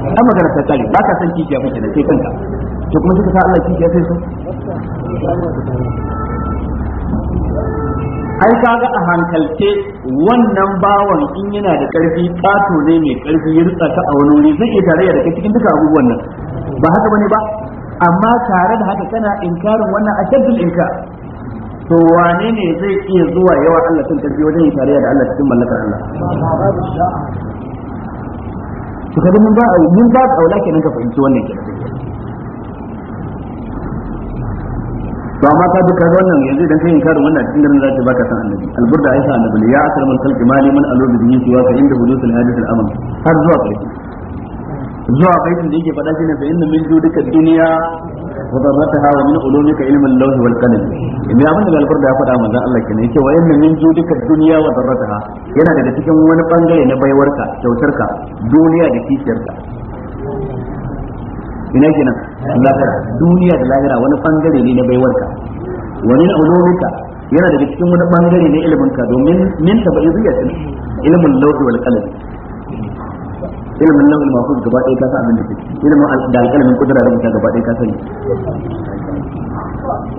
an magana ta kare ba ka san kishiya ba kenan sai kanka to kuma suka sa Allah kishiya sai so ai kaga a hankalce wannan bawan in yana da karfi kato ne mai karfi ya rutsa ka a wani wuri zai iya tarayya da kai cikin duka abubuwan nan ba haka bane ba amma tare da haka kana inkarin wannan ashaddul inkar to wane ne zai iya zuwa yawa Allah sun tafi wajen yin tarayya da Allah cikin mallakar Allah to kada mun ba mun ba ke kenan ka fahimci wannan kenan to amma ka duka wannan yanzu idan kai karin wannan cikin garin zaki baka san annabi alburda aisha annabi ya akramul khalqi mali man alu bi dinhi wa fa inda hudusul hadith al-amal har zuwa ƙarshe zuwa baitin da yake faɗa shine fa inna min judika duniya wa darrataha wa min ka ilmin lawhi wal qalam in ya abinda albar da ya faɗa manzon Allah kenan yake wa inna min judika duniya wa darrataha yana daga cikin wani bangare na baiwarka kyautarka duniya da kishiyarka ina kenan lahira duniya da lahira wani bangare ne na baiwarka wa min ulumika yana daga cikin wani bangare na ilimin ka domin min tabi'iyyatin ilmin lawhi wal qalam ilimin nan mafi gaba ɗaya ka san abin da ke ilimin da alƙalamin kudura da ka gaba ɗaya ka sani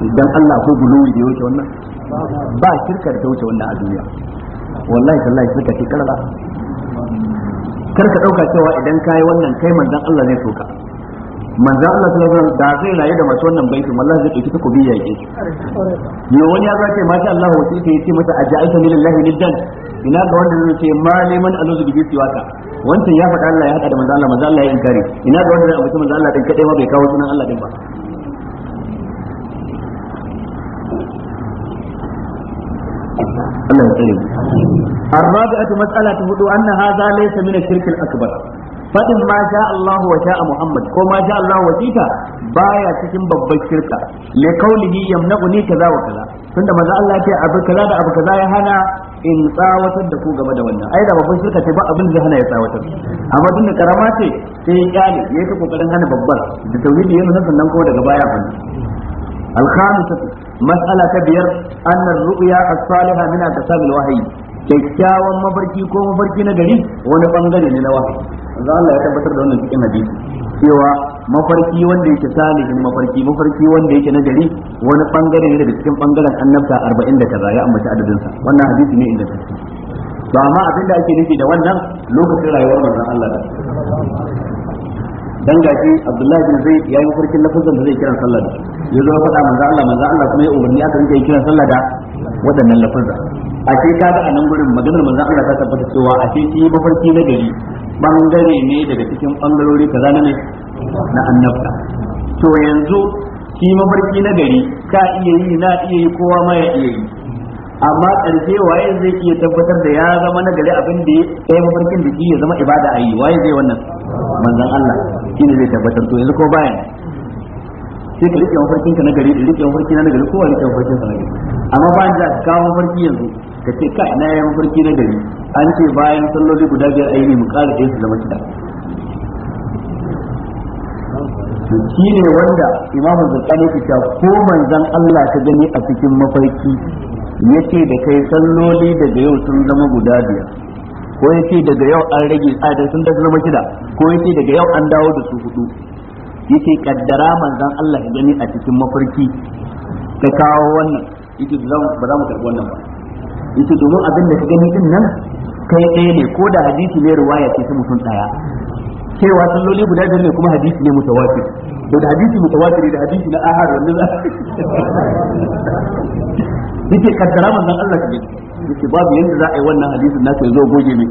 idan Allah ko guluwi da ya wuce wannan ba shirka da ta wuce wannan a duniya wallahi tallahi shirka ce kalala kar ka ɗauka cewa idan ka yi wannan kai manzan Allah zai soka manzan Allah sallallahu alaihi da zai rayu da masu wannan baitin wallahi zai dauki takobi ya yake yo wani ya zace masha Allah wasi ke yace mata aja'alta lillahi dan? ina ga wanda zai ce ma liman aluzu bi siwaka wancan ya faɗa Allah ya haɗa da manzo Allah manzo Allah ya inkari ina ga wanda abu manzo Allah din kadai ma bai kawo sunan Allah din ba Allah ya tsare الرابعة مسألة هدو أن هذا ليس من الشرك الأكبر فإن ما شاء الله وشاء محمد كما شاء الله وشيك بايا تكن ببا الشركة لقوله يمنعني wa kaza? tunda manzo Allah ya ce abu kaza da abu kaza ya hana in tsawatar da ku game da wannan ai da babban shirka ce ba abin zai hana ya tsawatar amma tunda karama ce sai ya kyale ya ta kokarin hana babbar da tauhidi yana nan sannan ko daga baya fa الخامسة مسألة كبير أن الرؤيا الصالحة من أقسام الوحي kyakkyawan mafarki ko mafarki na gari wani bangare ne na wahayi za Allah ya tabbatar da wannan cikin hadisi mafarki wanda yake salihin mafarki mafarki wanda yake nagari wani bangare ne daga cikin bangaren annabta arba'in da kaza ya ambaci adadin sa wannan hadisi ne inda take to amma abin da ake nufi da wannan lokacin rayuwar manzon Allah da dan gashi Abdullahi bin Zaid yayi mafarkin lafazin da zai kiran sallah da ya zo faɗa manzon Allah manzon Allah kuma ya umarni aka rike kira sallah da waɗannan lafazza a ce ka ga a nan gurin maganar manzon Allah ta tabbata cewa a ce shi mafarki na gari bangare ne daga cikin bangarori kaza ne na annabta to yanzu shi mafarki na gari ka iya yi na iya yi kowa ma ya iya yi amma ƙarshe waye zai iya tabbatar da ya zama na gari abin da ya mafarkin da ya zama ibada a yi waye zai wannan manzan Allah shi ne zai tabbatar to yanzu ko bayan sai ka rike mafarkin ka na gari da rike mafarki na gari kowa rike mafarkin sa na gari amma bayan da ka kawo mafarki yanzu ka ce kai na yi mafarki na gari an ce bayan salloli guda biyar ayi ne mu ƙara ɗaya su zama shida shi ne wanda imamu zurkani ke cewa ko manzon Allah ka gani a cikin mafarki yace da kai salloli daga yau sun zama guda biyar ko yace daga yau an rage tsada sun zama shida ko yace daga yau an dawo da su hudu yace kaddara manzon Allah ka gani a cikin mafarki ka kawo wannan yace ba za mu karɓi wannan ba yace domin abin da ka gani din nan kai ɗaya ne ko da hadisi ne ruwaya ce ta mutum ɗaya cewa salloli guda biyar ne kuma hadisi ne mutawatir da hadisi mutawatir da hadisi na ahad wannan za yake kaddara manzon Allah ne yake babu yanda za a yi wannan hadisin na sai zo goge ne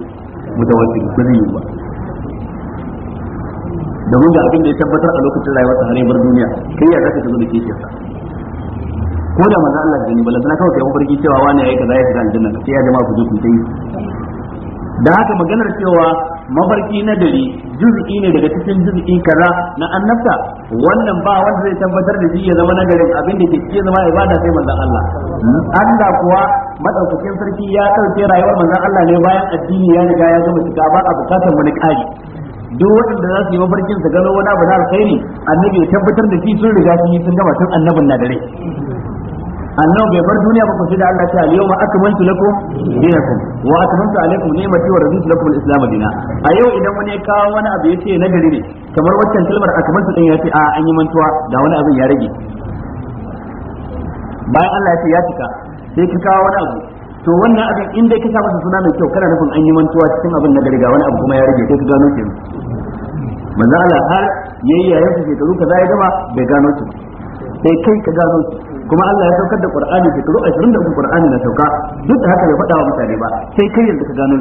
mutawatir ba zai yi ba domin ga abin da ya tabbatar a lokacin rayuwar sa bar duniya kai ya zaka zo da sa ko da manzon Allah gani na kawai kai mafarki cewa wani yayi kaza ya shiga aljanna sai ya jama'a ku je ku yi da haka maganar cewa mafarki na dare juz'i ne daga cikin juz'i kaza na annabta wannan ba wanda zai tabbatar da shi ya zama nagari abin da ke ke zama ibada sai manzon Allah Allah kuwa madaukakin sarki ya kauce rayuwar manzon Allah ne bayan addini ya riga ya zama shiga ba a bukatar wani kari duk waɗanda za su yi mafarkin su gano wani abu na alkhairi annabi ya tabbatar da shi sun riga sun yi sun gama tun annabin na dare annabi bai bar duniya ba ko sai da Allah ta yau ma akmaltu lakum dinakum wa atmamtu alaikum ni'mati wa raditu lakum al-islam dina a yau idan wani ya kawo wani abu yace na gari ne kamar waccan kalmar akmaltu din yace a an yi mantuwa da wani abu ya rage bayan Allah ya ce ya cika sai ka kawo wani abu to wannan abin in dai ka sa masa suna mai kyau kana nufin an yi mantuwa cikin abin na gari ga wani abu kuma ya rage sai ka gano ke manzo Allah har yayi yayin shekaru kaza ya gama bai gano ki sai kai ka gano ki kuma Allah ya saukar da Qur'ani shekaru 23 Qur'ani na sauka duk da haka bai faɗa wa mutane ba sai kai yanzu ka gano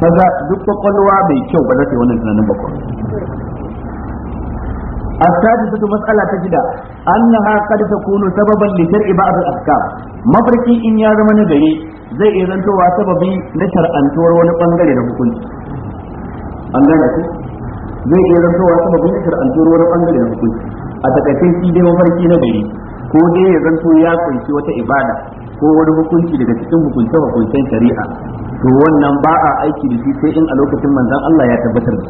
kaza duk kwakwalwa mai kyau ba za ta yi wannan tunanin ba ko السادسة مسألة ta أنها قد تكون سببا لشرع بعض الأحكام mafarki in ya zama na gari zai iya zantowa sababi na shar'antuwar wani bangare na hukunci an gane ku zai iya zantowa sababi na shar'antuwar wani bangare na hukunci a takaitun shi dai mafarki na gari ko dai ya zanto ya kunshi wata ibada ko wani hukunci daga cikin hukunce hukuncen shari'a to wannan ba a aiki da shi sai in a lokacin manzon Allah ya tabbatar da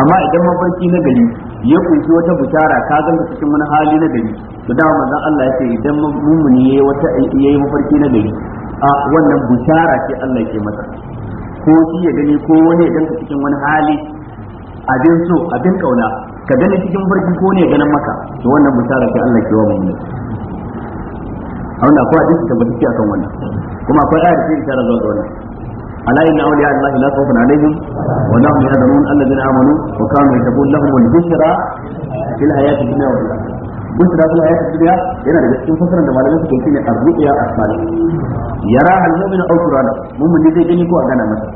amma idan mafarki na gari ya kunshi wata bishara ka zanta cikin wani hali na gari to da manzon Allah ya ce idan mumuni yayi wata yayi mafarki na gari a wannan bishara ce Allah ke masa ko shi ya gani ko wani ya zanta cikin wani hali abin so abin kauna ka gani cikin farki ko ne ganin maka to wannan bishara ke Allah ke wa mu ne awon akwai hadisi da tabbata ce akan wannan kuma akwai ayar ce ta razuwa wannan ala inna awliya Allah la khawfun alaihim wa la hum yahzanun alladhina amanu wa kanu yatabun lahum wal bushra fil ayati dunya wa akhirah bushra fil ayati dunya yana daga cikin fasaran da malamai suke shi ne a a asfal yara al-mu'min aw turana mu'min zai gani ko a gana masa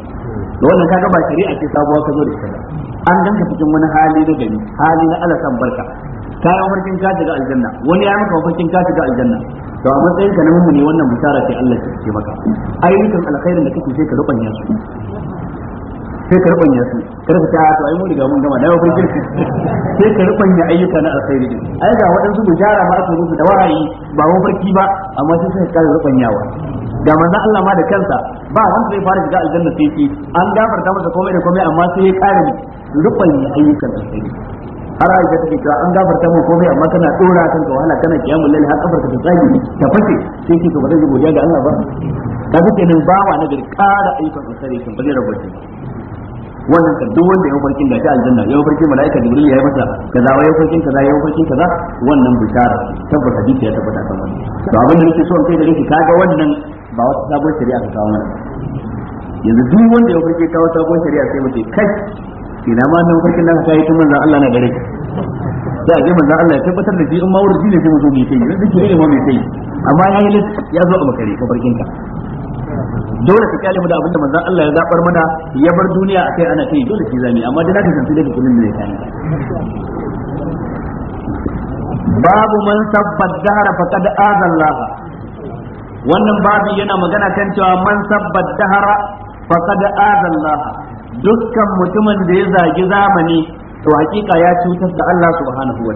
da wannan kaga ba shari'a ce sabuwa ka zo da ita an danka cikin wani hali na gari hali na Allah san barka ka yi mafarkin ka shiga aljanna wani ya maka mafarkin ka shiga aljanna to a matsayin ka na mummuni wannan bishara ce Allah ke ce maka ayyukan alkhairin da kake sai ka rubanya su sai ka rubanya su karka ta ah, to ai mun riga mun gama da yau kun kirki sai ka rubanya ayyuka na alkhairi din ai ga waɗansu jara ma aka rubuta da wahayi ba wani farki ba amma sai suka kare rubanyawa ga manzon Allah ma da kansa ba wanda zai fara shiga aljanna sai sai an gafarta masa komai da komai amma sai ya kare rubanya ayyukan alkhairi har aisha take cewa an gafarta mu komai amma kana dora ka wahala kana kiyamul lail har kafarta ta tsage ta fashe sai kike ba zai godiya ga Allah ba kaga kenan bawa na gari kara ayyukan alkhairi kin bazai rubuta wannan kan duk wanda ya farkin ta aljanna ya farkin malaika jibril ya yi masa kaza ya farkin kaza ya farkin kaza wannan bishara tabbata hadisi ya tabbata kan wannan to abin da nake so kai da nake kaga wannan ba wata sabon shari'a ka kawo mana yanzu duk wanda ya farkin kawo sabon shari'a sai mutum kai ina ma nan farkin nan kai tun manzon Allah na gare da a je manzon Allah ya tabbatar da shi in ma wurin ne sai mu zo mu yi sai yanzu kire ne ma mai sai amma ya yi ya zo a makare ka farkin ka dole ka kyale mu da abinda manzon Allah ya zabar mana ya bar duniya akai ana kai dole ki zami amma dai zaka san sai da kullun ne kai babu man sabba dahara faqad aza wannan babu yana magana kan cewa man sabba dahara faqad aza dukkan mutumin da ya zagi zamani to hakika ya cutar da Allah subhanahu wa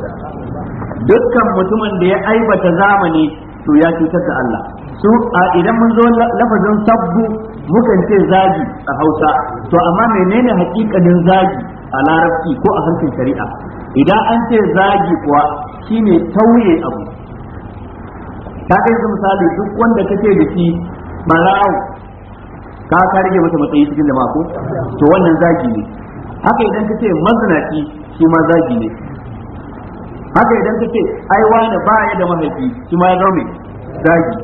dukkan mutumin da ya aibata zamani to ya cutar da Allah su a idan mun zo lafazin sabbu mukan ce zagi a Hausa to amma menene hakikanin zagi a larabci ko a harshen shari'a idan an ce zagi kuwa shine tauye abu ta kai yanzu misali duk wanda kake da shi barawo ka ka rage mata matsayi cikin da mako to wannan zagi ne haka idan kace mazinaci shi ma zagi ne haka idan ka ce ai wani ba ya da mahaifi shi ma ya mai zagi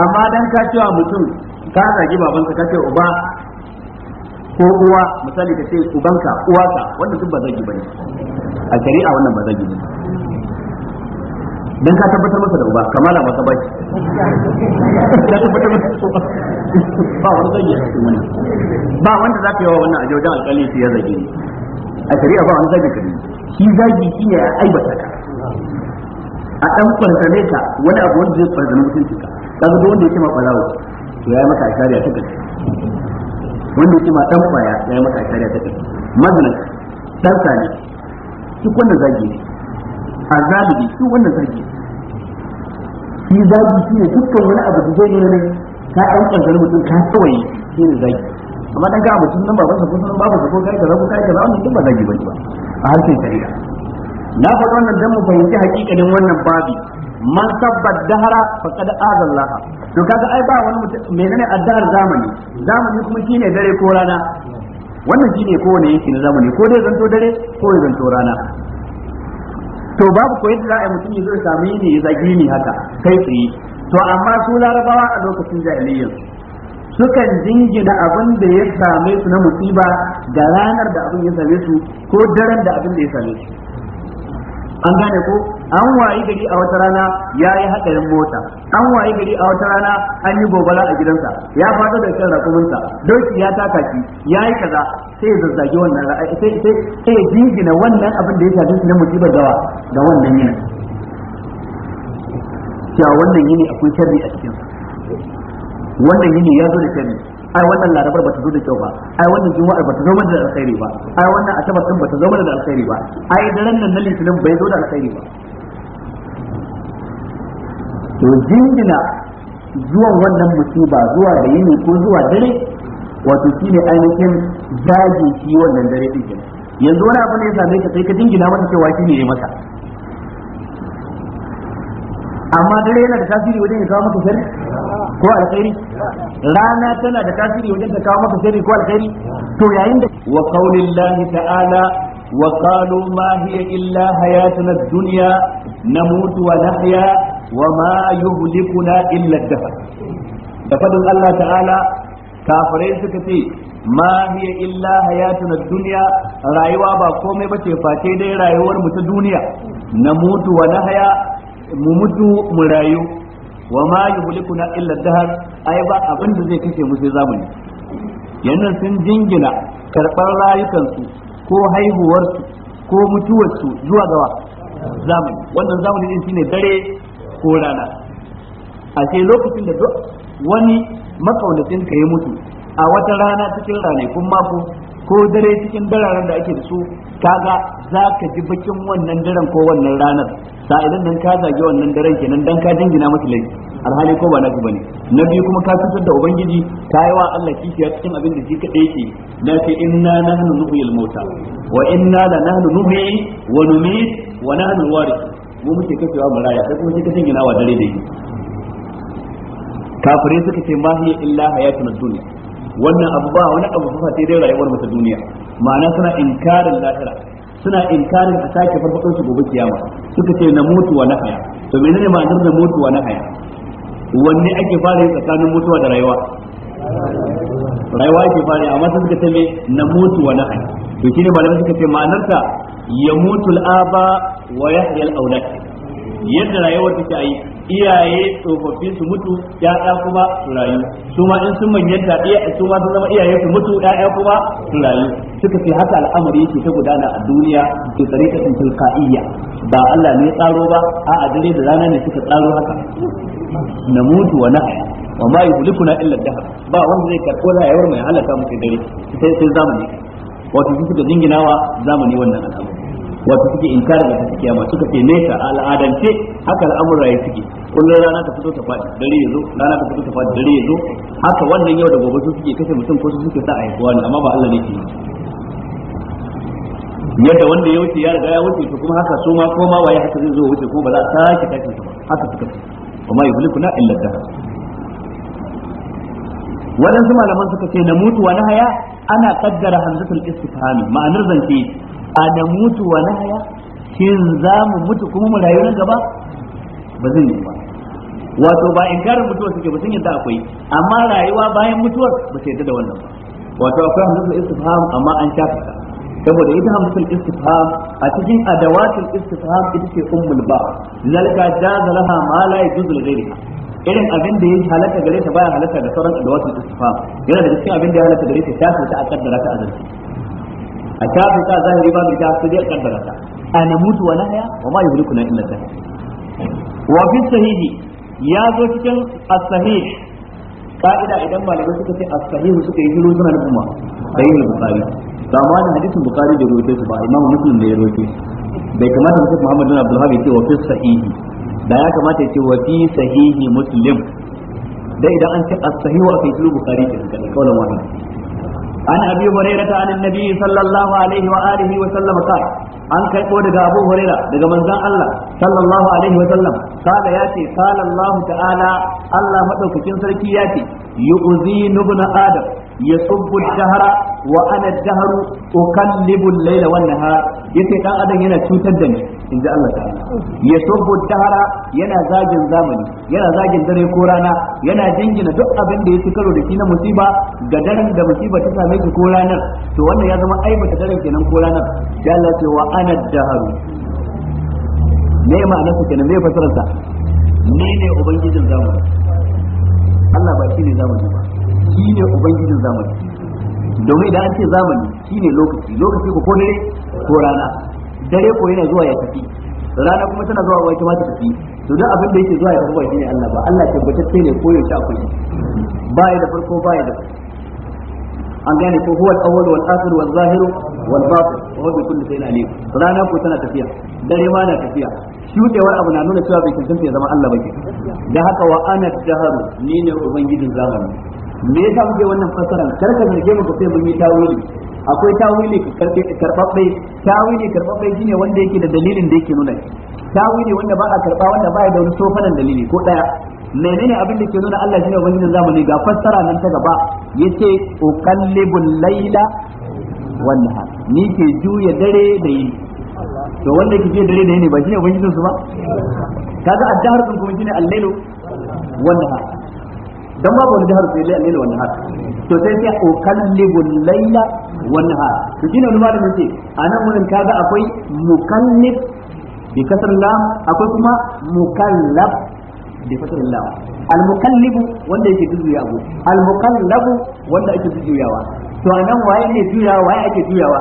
amma dan ka cewa mutum ka zagi babanka ka ce uba ko uwa misali ka ce ubanka uwaka wanda duk ba zagi bane a shari'a wannan ba zagi bane dan ka tabbatar masa da uba kamala masa baki ka tabbatar masa ba wani zagi a cikin wannan ba wanda za ka yi wa wannan a jojan alƙali ya zagi ne a shari'a ba wani zagi kare shi zagi shi ne a aibata ka a dan kwantsane ka wani abu wanda zai kwantsane mutuncin ka kaga duk wanda yake ma kwalawo to yayi maka ashariya ta kai wanda yake ma dan kwaya yayi maka ashariya ta kai mazina dan sani duk wannan zagi ne azabi duk wannan zagi shi zagi shi ne dukkan wani abu da zai nuna ka dan kwantsane mutum ka kawai shi ne zagi amma dan ga mutum nan ba babansa ko sanan babansa ko kai ka rabu kai ka wannan duk ba zagi bane ba a harshen shari'a na faɗi wannan dan mu fahimci hakikanin wannan babi man sabbat dahara faqad azallah to kaga ai ba wani mutum menene addahar zamani zamani kuma shine dare ko rana wannan shine kowane yanki na zamani ko dai zanto dare ko ya zanto rana to babu ko yadda za a yi mutum zai samu sami ne ya zagi ni haka kai tsaye to amma su larabawa a lokacin jahiliyyar sukan jingina abin da ya same su na musiba da ranar da abin ya same su ko daren da abin da ya same su an gane ko an wayi gari a wata rana ya yi haɗarin mota an wayi gari a wata rana an yi gobara a gidansa ya fata da shan rakuminsa doki ya taka shi ya yi kaza sai ya zazzage wannan ra'ayi sai sai sai jingina wannan abin da ya shafi shi na musibar gawa ga wannan yinin cewa wannan yini akwai sharri a cikin wannan yini ya zo da sharri ai wannan larabar bata zo da kyau ba ai wannan juma'ar bata zo mana da alkhairi ba ai wannan asabar din bata zo mana da alkhairi ba ai daren nan na litinin bai zo da alkhairi ba to jingina zuwan wannan musiba zuwa da yini ko zuwa dare wato shine ainihin daji shi wannan dare din yanzu wani abu ne ya same ka sai ka jingina wani cewa shine ne ya masa amma dare yana da tasiri wajen ya kawo maka sharri ko alkhairi rana tana da tasiri wajen ta kawo maka sharri ko alkhairi to yayin da wa qaulillahi ta'ala wa qalu ma hiya illa hayatuna ad-dunya namutu wa nahya wa ma yuhlikuna illa ad-dahr da fadin Allah ta'ala kafirai suka ce ma hiya illa hayatuna dunya rayuwa ba komai bace face dai rayuwar mu ta duniya na mutu wa nahaya mu mutu mu rayu wa ma yuhlikuna illa dahar ai ba abin da zai kashe mu sai zamani yanzu sun jingina karɓar rayukansu ko haihuwarsu ko su zuwa gawa zamani wannan zamani din shine dare ko rana a ce lokacin da duk wani makaunacin ka ya mutu a wata rana cikin ranakun mako ko dare cikin dararen da ake da su kaga za ka ji bakin wannan daren ko wannan ranar idan nan ka zage wannan daren kenan dan ka jingina masa laifi alhali ko ba naka bane na biyu kuma ka fitar da ubangiji ka yi wa Allah ya cikin abin da shi kadai yake na ce inna nahnu nuhyil mauta wa inna la nahnu nuhyi wa numit wa nahnu warith mu muke kasewa maraya sai kuma shi ka jingina wa dare da shi. kafirai suka ce ma hiya illa hayatun dunya wannan abu ba wani abu fa sai dai rayuwar mu duniya ma'ana suna inkarin lahira suna inkarin a sake farfadon su gobe kiyama suka ce na mutuwa na haya to menene ma'anar da mutuwa na haya wanne ake fara yi tsakanin mutuwa da rayuwa rayuwa ake fara amma sai suka ce me na mutuwa na haya to shine malamai suka ce ma'anar ta ya mutu al'aba wa yahya al'aulad yadda rayuwar take ayi iyaye tsofaffi su mutu ya'ya kuma su rayu su ma in sun manyanta iya su ma sun zama iyaye su mutu ya'ya kuma su rayu suka ce haka al'amari yake ta gudana a duniya ta tariqatin ka'iyya, ba Allah ne tsaro ba a a dare da rana ne suka tsaro haka na mutu wa nahya wa ma yuhlikuna illa dahr ba wanda zai karɓo rayuwar mai halaka mu sai dare sai sai zamani wato suka jinginawa zamani wannan al'amari wato suke inkarin da suke kiyama suka ce ne ta al'adance haka al'amura ya suke kullum rana ta fito ta fadi dare ya zo rana ta fito ta fadi dare ya zo haka wannan yau da gobe su suke kashe mutum ko su suke sa a yi ne amma ba Allah ne ke yadda wanda ya wuce ya riga ya wuce to kuma haka su ma ko ma waye haka zai zo wuce ko ba za a sake kashe su ba haka suka ce kuma na illa dahar waɗansu malaman suka ce na mutuwa na haya ana kaddara hamzatul istifham ma'anar zance ana mutu wa nahaya shin za mu mutu kuma mu rayu nan gaba ba zai yi ba wato ba inkarin mutuwa suke ba sun yadda akwai amma rayuwa bayan mutuwar ba su yadda da wannan ba wato akwai da istifham amma an shafa ta saboda ita hamzatul istifham a cikin adawatul istifham ita ce ummul ba zalika jaza laha ma la yajuzu li irin abin da ya halatta gare ta baya halatta da sauran adawatul istifham yana da cikin abin da ya halatta gare ta shafa ta a kaddara ta azanci a shafi ta zahiri ba mai sai dai kaddara ta ana mutu wa haya wa ma na illa ta wa fi sahihi ya zo cikin as-sahih ka'ida idan malamai suka ce as suka yi shiru suna nufin ma yi al bukari. Da amma da hadisin bukari da rawaito su ba imamu muslim da ya rawaito bai kamata mutum muhammad bin abdul ya ce wa fi sahihi da ya kamata ya ce wa fi sahihi muslim dai idan an ce as-sahihu a kai shiru bukhari ke kadai kawalan wahid عن أبي هريرة عن النبي صلى الله عليه وآله وسلم قال an karɓo daga Abu Huraira daga manzon Allah sallallahu alaihi wa sallam kada ya ce qala ta'ala Allah madaukakin sarki ya ce yu'zi ibn adam yasubbu ad-dahra wa ana ad-dahru uqallibu al-layla wan dan adam yana cutar da ni in ji Allah ta'ala ya sabbo dahara yana zagin zamani yana zagin dare ko rana yana jingina duk abin da ya ci karo da shi na musiba ga daren da musiba ta same shi ko ranar to wannan ya zama aibata daren kenan ko ranar Da Allah ce wa ana daharu me ma'ana su kenan me fasarar sa ne ne ubangijin zamani Allah ba shi ne zamani ba shi ne ubangijin zamani domin idan an ce zamani shi ne lokaci lokaci ko ne ko rana dare ko yana zuwa ya tafi rana kuma tana zuwa wai kuma ta tafi to duk abin da yake zuwa ya tafi ba shine Allah ba Allah sai ne ko yaushe akwai shi ba ya da farko ba ya da an gane ko huwa al-awwal wal akhir wal zahir wal batin wa huwa kullu shay'in alim rana ko tana tafiya dare ma na tafiya shudewar abu na nuna cewa bai kin ya zama Allah ba ke da haka wa ana daharu ni ne ubangijin zamani me yasa muke wannan fasaran karka zarge mu ko sai mun yi tawili akwai tawili karbabbe tawili shi shine wanda yake da dalilin da yake nuna shi tawili wanda ba a karba wanda ba da wani tsofanin dalili ko Mene menene abin da ke nuna Allah shi shine ubangijin zamani ga fassara nan ta gaba Ya ce uqallibul laila. Wanda ha ni ke juya dare da yi. to wanda ke juya dare da yi ne ba shine ubangijin su ba kaga addahar sun kuma shine ne lailu wan ha dan ba wani jihar sai al allelu wanda nahar to sai sai uqallibul laila. wannan ha to shine wani malamin ce anan wurin kaga akwai mukallif bi kasar lam akwai kuma mukallaf bi kasar lam al mukallibu wanda yake juyawa al mukallabu wanda ake juyawa to a nan waye ne juyawa waye ake juyawa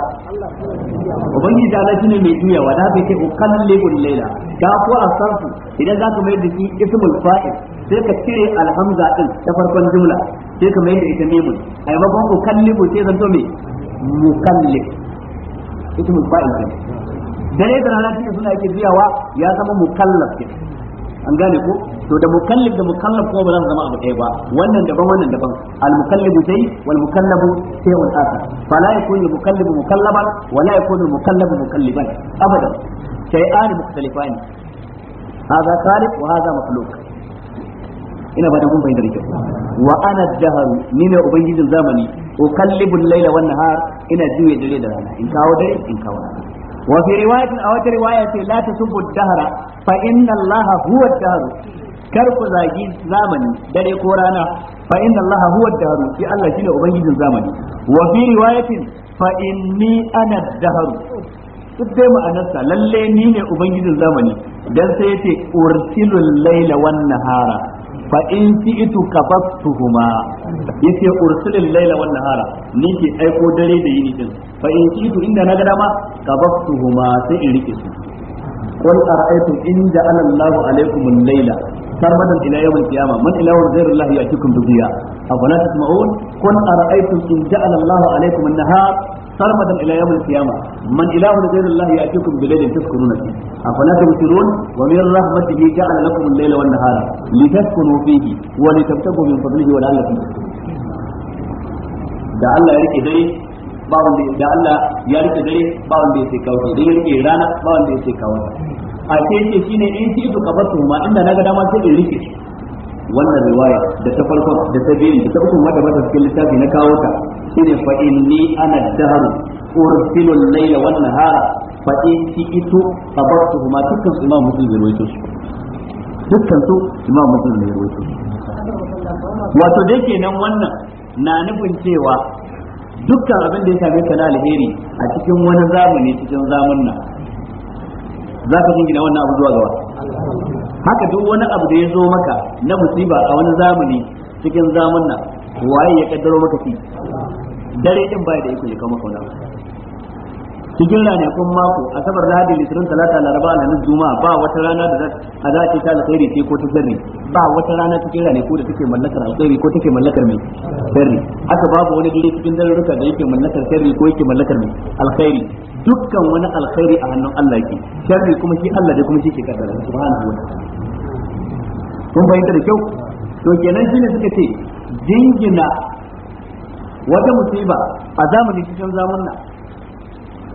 ubangiji da Allah ne mai juyawa da haka yake ukallibul laila da ko a sarfu idan zaka mai da shi ismul fa'il sai ka cire alhamza din ta farkon jumla sai ka mai da ita mimun ai ba ko kallibu sai zanto mai mukallif ismul fa'il ne dare da rana cikin suna yake biyawa ya zama mukallaf ke an gane ko to da mukallif da mukallaf ko ba zan su zama abu ɗaya ba wannan daban wannan daban al mukallibu sai wal mukallabu sai wal akhar fala yakunu al mukallabu mukallaban wala yakunu al mukallabu mukalliban abadan shay'an mukhtalifan هذا خالق وهذا مخلوق ina ba da kun fahimta da kyau wa ana jaharu ni ne ubangijin zamani ukallibul laila wan nahar ina juye dare da rana in kawo dare in kawo rana wa fi riwayatin a wata riwaya ce la tasubbu dahra fa inna allaha huwa dahru kar ku zagi zamani dare ko rana fa inna allaha huwa dahru shi Allah shine ubangijin zamani wa fi riwayatin fa inni ana dahru duk dai ma'anarsa lalle ni ne ubangijin zamani dan sai yace ursilul laila wan nahara fa in shi'tu kafastuhuma yake ursilil laila wan nahara ni ke aiko dare da yini din fa in shi'tu inda na ga dama kafastuhuma sai in rike su qul ara'aytum in ja'ala Allahu alaykum al-laila sarmadan ila yawm al-qiyamah man ilahun ghayru Allah ya'tikum bi dhiya afala tasma'un qul ara'aytum in ja'ala Allahu alaykum an-nahara sarmadan ila yawmil qiyamah man ilahun ghayrullah ya'tikum bilailin taskununa fihi afala tabsirun wa min rahmatihi ja'ala lakum al-layla wan nahara litaskunu fihi wa litabtagu min da Allah ya rike dare ba wanda da Allah ya rike dare ba sai kawo da ya rike rana ba wanda ya sai kawo a ce shine in shi to kabar ma inda dama sai in rike wannan riwaya da ta farkon da ta biyu da ta uku wadda mata cikin littafi na kawo ta shine fa inni ana dahru ursilu al-layla wan nahara fa in tiitu qabartuhu ma dukkan imam muslim ne rawaito su dukkan su imam muslim ne rawaito su wato dai kenan wannan na nufin cewa dukkan abin da ya same ka na alheri a cikin wani zamani cikin zamun nan za ka jingina wannan abu zuwa gaba haka duk wani abu da ya zo maka na musiba a wani zamani cikin zamanin waye ya kaddaro maka fi dare din bai da iko ya kawo kauna cikin ranakun mako asabar lahadi litinin talata laraba alhamis juma ba wata rana da a za ta alkhairi ce ko ta sirri ba wata rana cikin ranaku da take mallakar alkhairi ko take mallakar mai sirri aka babu wani dare cikin darurruka da yake mallakar sirri ko yake mallakar mai alkhairi dukkan wani alkhairi a hannun Allah ke sirri kuma shi Allah da kuma shi ke kaddara subhanahu wa kun fahimta da kyau to kenan shine suka ce jingina wata musiba a zamanin cikin zamanin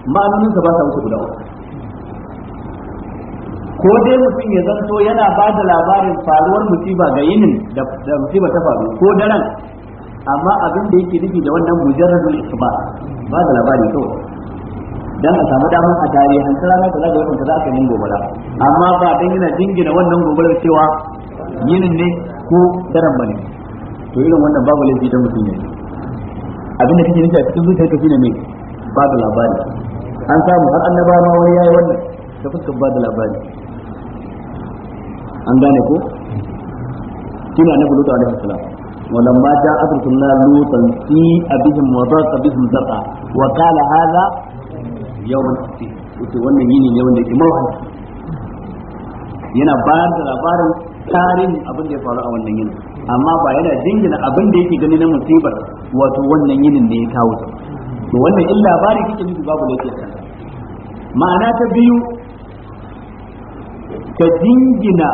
ma'anonin sa ba sa wuce guda wata. ko dai mutum ya zanto yana ba da labarin faruwar musiba ga yinin da musiba ta faru ko daren amma abin da yake nufi da wannan da isba ba da labari kawai dan a samu damar a tarihin ta rana kaza ga watan za aka yin gobara amma ba dan yana dingina wannan gobara cewa yinin ne ko daren bane to irin wannan babu laifi da mutum ne abin da kake nufi a cikin zuciyarka shine ne ba da labari an samu har annaba ma wani yayi wannan da fuskar ba da labari an gane ko shine annabi lutu alaihi salam ولما جاء رسولنا لوطا سيء بهم وضاق بهم ذرعا وقال هذا يوم الحسين wato wannan yini ne wanda ke mawani yana bayar da labarin tarihin abin da ya faru a wannan yinin amma ba yana jingina abin da yake gani na musibar wato wannan yinin ne ya kawo to wannan in labari kike nufi babu laifi a ma'ana ta biyu ka jingina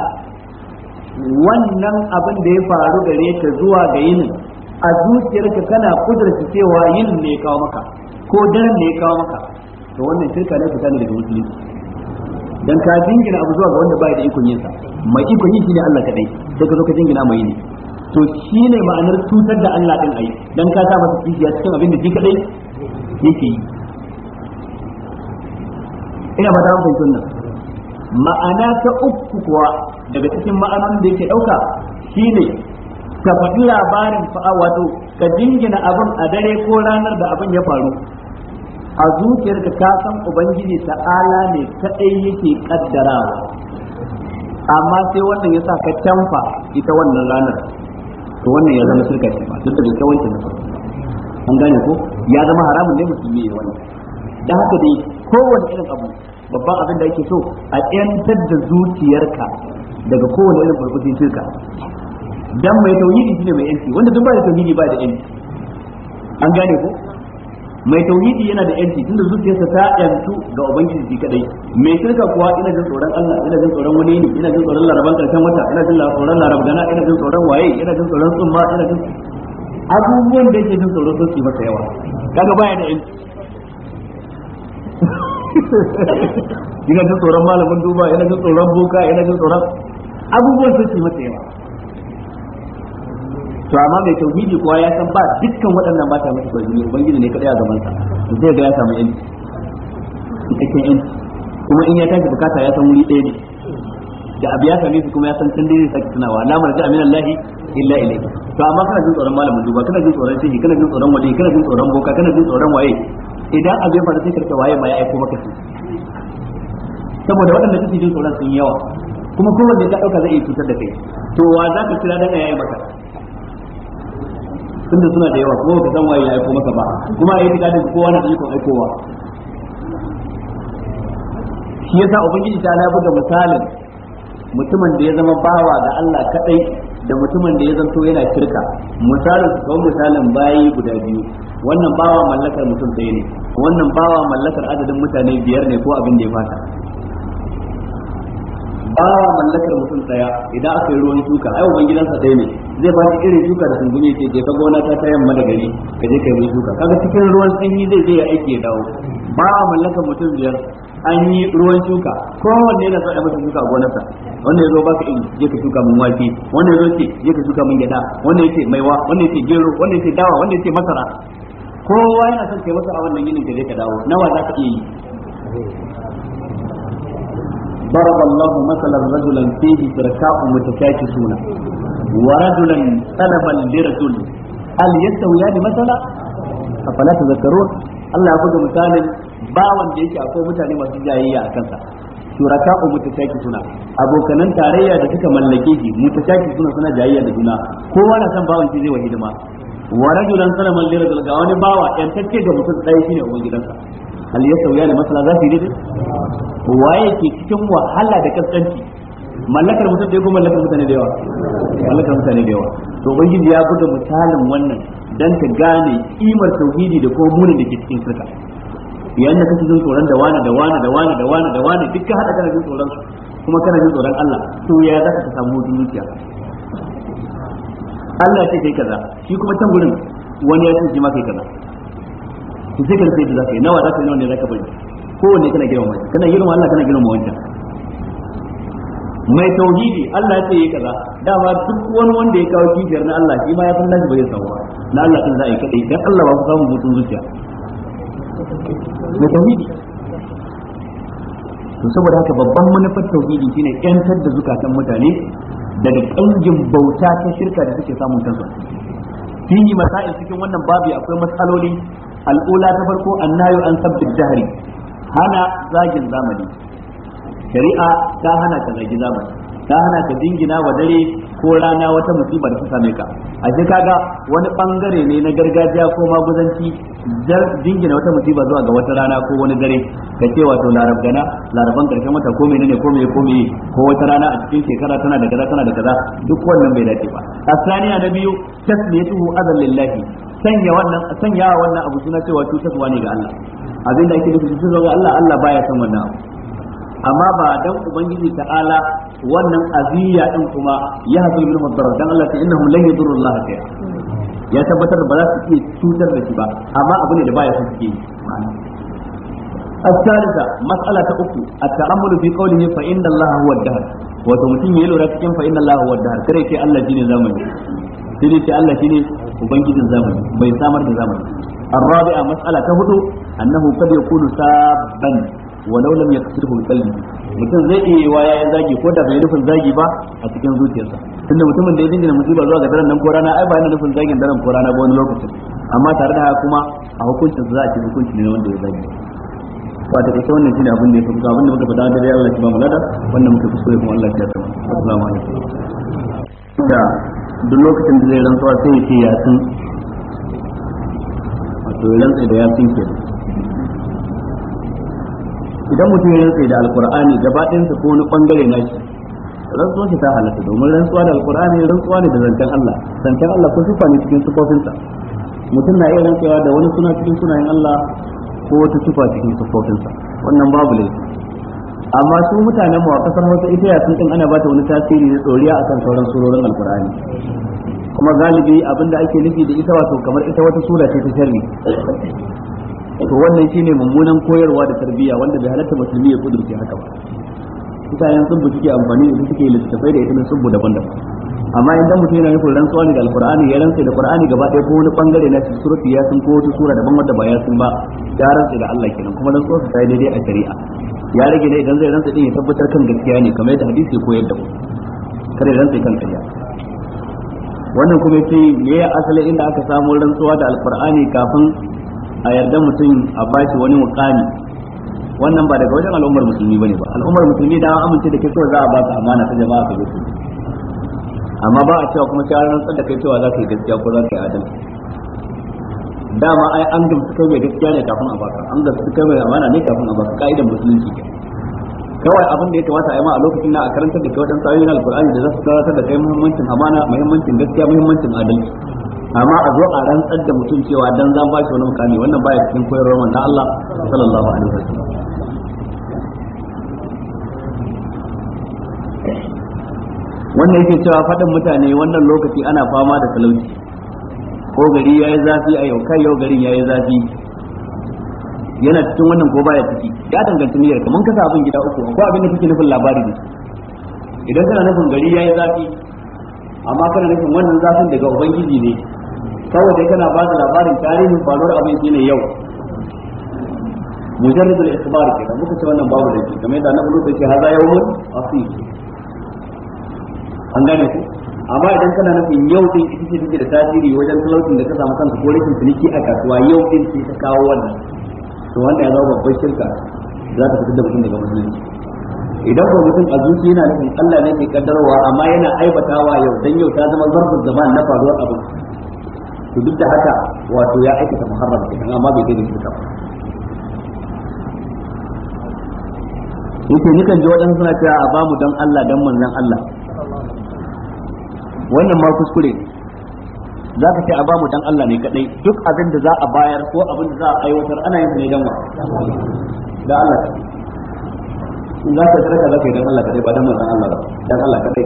wannan abin da ya faru gare ka zuwa ga yinin a zuciyarka kana kudurci cewa yin ne ya kawo maka ko daren ne ya kawo maka to wannan shirka ne fita ne daga su. dan ka jingina abu zuwa ga wanda baya da ikon yinsa mai ikon shi shine Allah kadai sai ka zo ka jingina mai ne to shine ma'anar tutar da Allah din ai dan ka sa masa kishiya cikin abin da shi kadai yake yi ina ba ta mun fahimci wannan ma'ana ta uku kuwa daga cikin ma'anonin da yake dauka shine ka faɗi labarin fa'a wato ka dingina abin a dare ko ranar da abin ya faru a zuciyar ka san ubangiji ta'ala ne kadai yake kaddara. amma sai wannan ya sa ka canfa ita wannan ranar to wannan ya zama shirka ce ba duk da kawai wancan ba, an gane ko ya zama haramun ne musulmi ya wannan dan haka dai kowane irin abu babban abin da ake so a yantar da zuciyarka daga kowane irin farfashin shirka dan mai tauhidi shine mai yanci wanda duk ba da tauhidi ba da yanci an gane ko mai tauhidi yana da yanci tunda zuciyarsa ta yantu ga ubangiji kadai mai shirka kuwa ina jin tsoron Allah ina jin tsoron wani ne ina jin tsoron laraban karshen wata ina jin tsoron larabgana ina jin tsoron waye ina jin tsoron tsumma ina jin abubuwan da yake jin tsoro sun masa yawa kaga baya da yanci ina jin tsoron malamin duba ina jin tsoron boka ina jin tsoron abubuwan sun su mata yawa to amma mai tauhidi kuwa ya san ba dukkan waɗannan ba ta mutu kwarjini ubangiji ne kadai a gaban sa to zai ga ya samu yanci cikakken yanci kuma in ya tashi bukata ya san wuri ɗaya ne da abu ya same su kuma ya san can dai sake tunawa la marja min Allah illa ilayhi to amma kana jin tsoron malamin duba kana jin tsoron shehi kana jin tsoron wali kana jin tsoron boka kana jin tsoron waye idan abin faru sai ta waye ma ya aiko maka su, saboda waɗanda suke jin tsoron sun yawa kuma kowanne ta ɗauka zai iya cutar da kai to wa za ka kira dan ya yi maka tunda suna da yawa kuma ka san waye ya aiko maka ba kuma a yi tikadin kowa na da aikowa shi yasa ubangiji ta na buga misalin mutumin da ya zama bawa ga Allah kadai da mutumin da ya zanto yana shirka misalin kawai misalin bayi guda biyu wannan bawa mallakar mutum ɗaya ne wannan bawa mallakar adadin mutane biyar ne ko abin da ya fata bawa mallakar mutum ɗaya idan aka yi ruwan shuka ai wannan gidansa ɗaya ne zai ba shi irin shuka da sungume ce je ka gona ta ta yamma da gari ka je ka yi shuka kaga cikin ruwan sanyi zai je ya aiki ya dawo bawa mallakar mutum biyar an yi ruwan shuka kowanne yana so a masa shuka a gonarsa wanda ya zo baka iri je ka shuka mun wake wanda ya zo ce je ka shuka mun gyada wanda ya ce maiwa wanda ya ce gero wanda ya ce dawa wanda ya ce masara kowa yana son kai masa a wannan yinin da ka dawo nawa za ka iya yi ضرب الله مثلا رجلا فيه شركاء متشاكسون ورجلا سلما لرجل هل يستويان مثلا أفلا تذكرون Allah ya buga misalin bawan da yake akwai mutane masu jayayya a kansa shuraka o mutashaki suna abokanan tarayya da suka mallake shi mutashaki suna suna jayayya da juna kowa na san bawan hidima wa rajulan salaman lira ga wani bawa yantacce ga mutum ɗaya shine uban gidansa hal ya sauya da masala za su yi daidai waye ke cikin wahala da kaskanci mallakar mutum da ya kuma mallakar mutane da yawa mallakar mutane da yawa to ubangiji ya buga misalin wannan dan ka gane kimar tauhidi da kuma munin da ke cikin shirka yayin da kake jin tsoron da wani da wani da wani da wani da wani duk ka hada kana jin tsoron su kuma kana jin tsoron Allah to ya zaka ka samu hutun Allah ce kai kaza shi kuma can gurin wani ya ce shi ma kai kaza su sai ka sai da zaka yi nawa zaka yi nawa ne zaka bari kowanne kana girma mai kana girma Allah kana girma wancan mai tauhidi Allah ya ce yi kaza dama duk wani wanda ya kawo kifiyar na Allah shi ma ya san nashi ba zai samu na Allah din za a yi kadai dan Allah ba ku samu mutun zuciya mai tauhidi to saboda haka babban manufar tauhidi shine yantar da zukatan mutane daga kangin bauta ta shirka da suke samun kansu fihi masail cikin wannan babu akwai matsaloli al'ula ta farko annayu an sabbin dahari hana zagin zamani shari'a ta hana ka zagi zamani ta hana ka dingina wa dare ko rana wata musiba da ta same ka a je kaga wani bangare ne na gargajiya ko maguzanci dingina wata musiba zuwa ga wata rana ko wani dare ka ce wato larabgana laraban karshen wata ko nane ko mai ko meye ko wata rana a cikin shekara tana da kaza tana da kaza duk wannan bai dace ba asaniya na biyu tasmiyatuhu azan lillahi sanya wannan sanya wannan abu suna cewa cutarwa ne ga Allah abinda ake nufi cutarwa ga Allah Allah baya san wannan abu amma ba dan ubangiji ta'ala wannan aziya din kuma ya hazu min madarar dan Allah ta innahu lan yadurru Allah ya tabbatar ba za su iya cutar da shi ba amma abu ne da baya son suke الثالثة مسألة أخرى التأمل في قوله فإن الله هو الدهر وتمتين يلو ركين فإن الله هو الدهر كريك الله جين زمن سيدي الله جين وبنجد الزمن بيسامر الزمن الرابعة مسألة تهدو أنه قد يكون سابا Wa ya lam yaktirhu kalbi mutum zai iya yi waya ya zagi ko da bai nufin zagi ba a cikin zuciyarsa tunda mutumin da ya dingina musiba zuwa ga daren nan ko rana ai ba yana nufin zagin daren ko rana ba wani lokacin amma tare da haka kuma a hukuncin za a ci hukunci ne wanda ya zagi ba da kace wannan shine abin da ya kuma abin da muka faɗa da ya Allah ya ba mu lada wannan muka kuskure kuma Allah ya tsama assalamu alaikum da duk lokacin da zai rantsuwa sai ya ce ya a wato ya rantsa da ya sun kenan idan mutum ya rantsa da alkur'ani gaba ɗayansa ko wani ɓangare na shi rantsuwar shi ta halatta domin rantsuwa da alkur'ani rantsuwa ne da zancen Allah zancen Allah ko sifa ne cikin sufofinsa mutum na iya rantsuwa da wani suna cikin sunayen Allah ko wata sifa cikin sufofinsa wannan babu laifi amma su mutanen mu a kasar Hausa ita ya sun ana bata wani tasiri da tsoriya akan sauran surorin alkur'ani kuma galibi abinda ake nufi da ita wato kamar ita wata sura ce ta sharri to wannan shine mummunan koyarwa da tarbiyya wanda bai halatta musulmi ya kudurce haka ba kusa yan sun suke amfani da suke littafai da ita sun bu daban-daban amma idan mutum yana yin rantsuwa ne da alqur'ani ya rantsa da qur'ani gaba ɗaya ko wani bangare na cikin surati ya sun ko wata sura daban wanda ba ya sun ba ya rantsa da Allah kenan kuma rantsuwar ta yi daidai a shari'a ya rage ne idan zai rantsa din ya tabbatar kan gaskiya ne kamar yadda hadisi koyar da mu kada ya rantsa kan ƙarya wannan kuma yace me ya asali inda aka samu rantsuwa da alqur'ani kafin a yarda mutum a bashi wani mukami wannan ba daga wajen al'ummar musulmi bane ba al'ummar musulmi da amince da ke kawai za a ba su amana ta jama'a ka gaske amma ba a cewa kuma shawarar rantsar tsada kai cewa za ka yi gaskiya ko za ka yi adalci dama ai an gamsu kai mai gaskiya ne kafin a baka an gamsu kai mai amana ne kafin a baka ka'idan musulunci kawai abin da ya kamata a yi ma a lokacin na a karanta da ke waɗansu ayoyin alkur'ani da za su karantar da kai muhimmancin amana muhimmancin gaskiya muhimmancin adalci amma a zo a rantsar da mutum cewa dan zan ba shi wani mukami wannan baya cikin koyarwar manzon Allah sallallahu alaihi wasallam wannan yake cewa faɗin mutane wannan lokaci ana fama da talauci ko gari yayi zafi a yau kai yau garin yayi zafi yana cikin wannan ko baya ciki ya danganci niyyar ka mun kasa abin gida uku ko abin da kike nufin labari ne idan kana nufin gari yayi zafi amma kana nufin wannan zafin daga ubangiji ne saboda kana ba da labarin tarihin faruwar abin shine yau mujarrad al-ikhbar da muka ce wannan babu laifi kamar yadda annabi Lut yake haza yawmun asif an gane ku amma idan kana nufin yau din ita ce da tasiri wajen talaucin da ka samu kanka ko rikin ciniki a kasuwa yau din ce ta kawo wannan to wanda ya zama babban shirka za ta fitar da mutum daga musulunci idan ba mutum a zuci yana nufin Allah ne ke kaddarwa amma yana aibatawa yau dan yau ta zama zarfin zaman na faruwar abu to duk da haka wato ya aikata muharram kenan amma bai kai da shirka ba yake nikan ji waɗansu suna cewa a bamu don Allah don manzon Allah wannan ma kuskure za ka ce a ba mu dan Allah ne kadai duk abin da za a bayar ko abin da za a aiwatar ana yin ne dan wa Da Allah in za ka sadaka za ka yi dan Allah kadai ba dan manzon Allah ba dan Allah kadai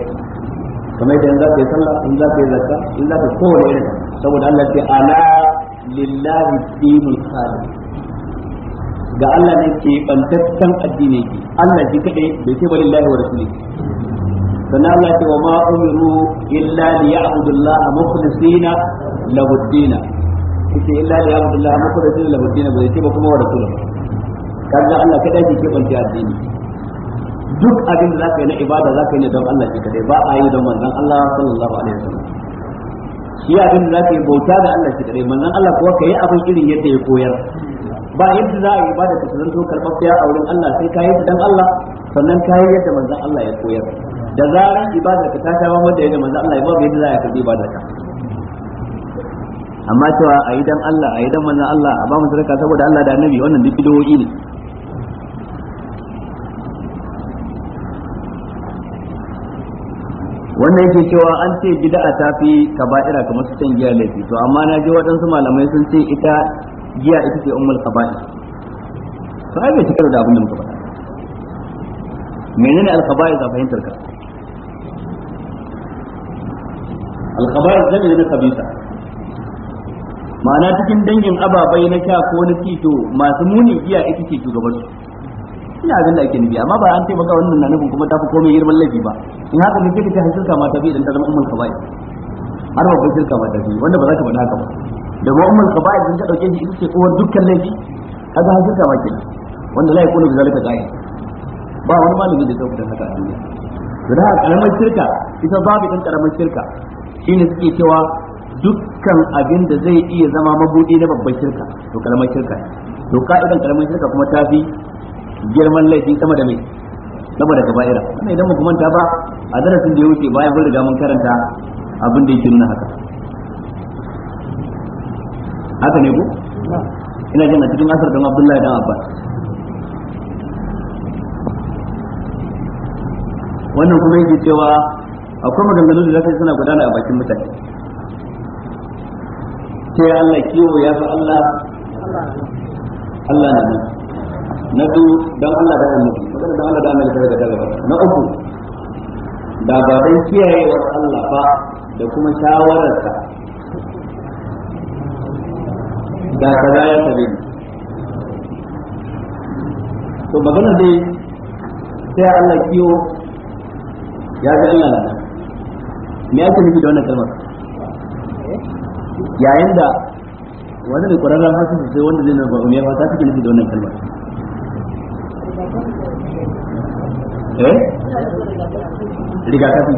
kamar yadda in za ka yi sallah in za ka yi zakka in za ka kowa ne saboda Allah ce ala lillahi dinul khalid ga Allah ne ke bantaccen addini ke Allah shi kadai bai ce ba lillahi wa rasulihi sannan Allah ce wa ma umiru illa li ya'budu Allah mukhlisina lahu ad-din kace illa li ya'budu Allah mukhlisina lahu ad-din bai ce ba kuma wa rasul kaga Allah kada ke banci addini duk abin da zaka yi na ibada zaka yi ne don Allah shi kadai ba a yi don manzon Allah sallallahu alaihi wasallam shi abin da zaka yi bauta da Allah shi kadai manzon Allah kuwa kai abin irin yadda ya koyar ba yadda za a yi ibada ka zanto karɓar a wurin Allah sai ka yi dan Allah sannan ka yi yadda manzon Allah ya koyar da zaran ibadar ka ta sha ban wanda ya ga manzo Allah ya babu yadda za a karbi ibadar ka amma cewa a yi dan Allah a yi dan manzo Allah a ba mu sadaka saboda Allah da annabi wannan duk bidowoyi ne wannan yake cewa an ce bid'a ta fi kaba'ira kamar su can giya laifi to amma na ji waɗansu malamai sun ce ita giya ita ce ummul kaba'ir to ai bai ci da abin da muka faɗa menene al-kaba'ir ga fahimtar ka alkhabar yi na kabisa ma'ana cikin dangin ababai na sha ko na tito masu muni iya ita ce shugaban su ina abin da ake nufi amma ba an taimaka wannan na nufin kuma tafi komai girman laifi ba in haka ne kika ta har shirka ma ta bi idan ta zama ummul kaba'i har babban shirka ma ta bi wanda ba za ka faɗa haka ba da ba ummul kaba'i din ka dauke shi ita ce uwar dukkan laifi kaga har shirka ma ke wanda la yakunu bizalika ga'i ba wani malami da ta fita haka a duniya da haka karamar shirka ita babu ɗan karamar shirka shine suke cewa dukkan abin da zai iya zama mabudi na babban shirka to kalmar shirka to ka'idan kalmar shirka kuma ta fi girman laifi sama da mai sama da kaba'ira wannan idan mu manta ba a darasin da ya wuce bayan mun riga mun karanta abin da yake nuna haka haka ne ko ina jin a cikin asar don Abdullahi dan Abbas wannan kuma yake cewa akwai maganganu da zaka suna gudana a bakin mutane sai Allah kiwo ya fi Allah Allah na nan na su don Allah da annabi magana don Allah da annabi daga daga na uku da ba dan wa Allah ba da kuma shawararsa da kaza ya tabe to magana dai sai Allah kiwo ya ga Allah na nan me yake nufi da wannan kalmar yayin da wani da ƙwararren hasu sai wanda zai na ba'u? umiyar hausa take nufi da wannan kalmar eh rigakafi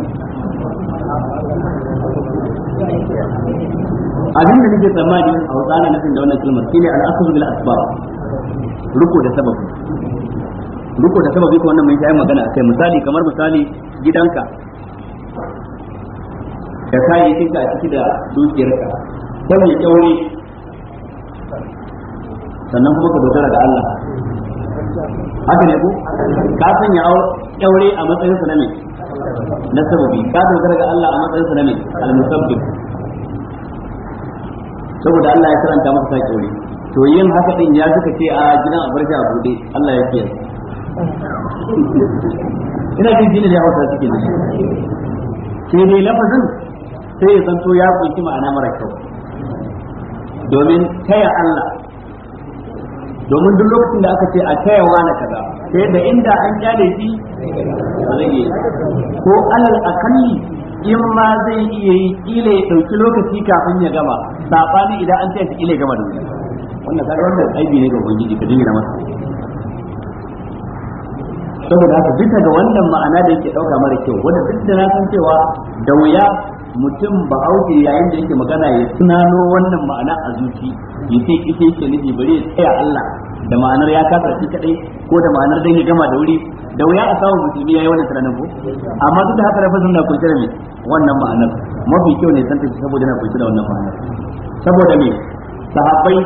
abin da nake tsammani a hausa ana nufin da wannan kalmar shine al'asru bil asbab ruko da sababi ruko da sababi ko wannan mai yi magana akai misali kamar misali gidanka da kayayyakin ka a ciki da dukiyarka ta mai kyauri sannan kuma ka dogara da Allah haka ne ku ka sanya kyaure a matsayin sa na me na sababi ka dogara ga Allah a matsayin sa na me al-musabbib saboda Allah ya karanta maka sai kyaure to yin haka din ya suka ce a gidan abarka a bude Allah ya kiyaye ina jin jini da hausa cikin shi, sai dai lafazin sai ya santo ya kunshi ma'ana mara kyau domin taya Allah domin duk lokacin da aka ce a taya wani kaza sai da inda an kyale shi ko alal akalli in ma zai iya yi kila ya ɗauki lokaci kafin ya gama saɓani idan an taya shi kila ya gama da wuri wannan kare wannan aibi ne ga ubangiji ka dinga masa saboda haka bisa ga wannan ma'ana da yake ɗauka mara kyau wanda duk da na san cewa da wuya mutum ba auke yayin da yake magana ya tunano wannan ma'ana a zuci ya ce ita yake nufi bari ya tsaya Allah da ma'anar ya kasa shi kadai ko da ma'anar dan ya gama da wuri da wuya a samu musulmi yayi wannan tunanin ko amma duk da haka rafa sunna kunshe da wannan ma'anar mafi kyau ne tantance saboda na kunshe da wannan ma'anar saboda me sahabbai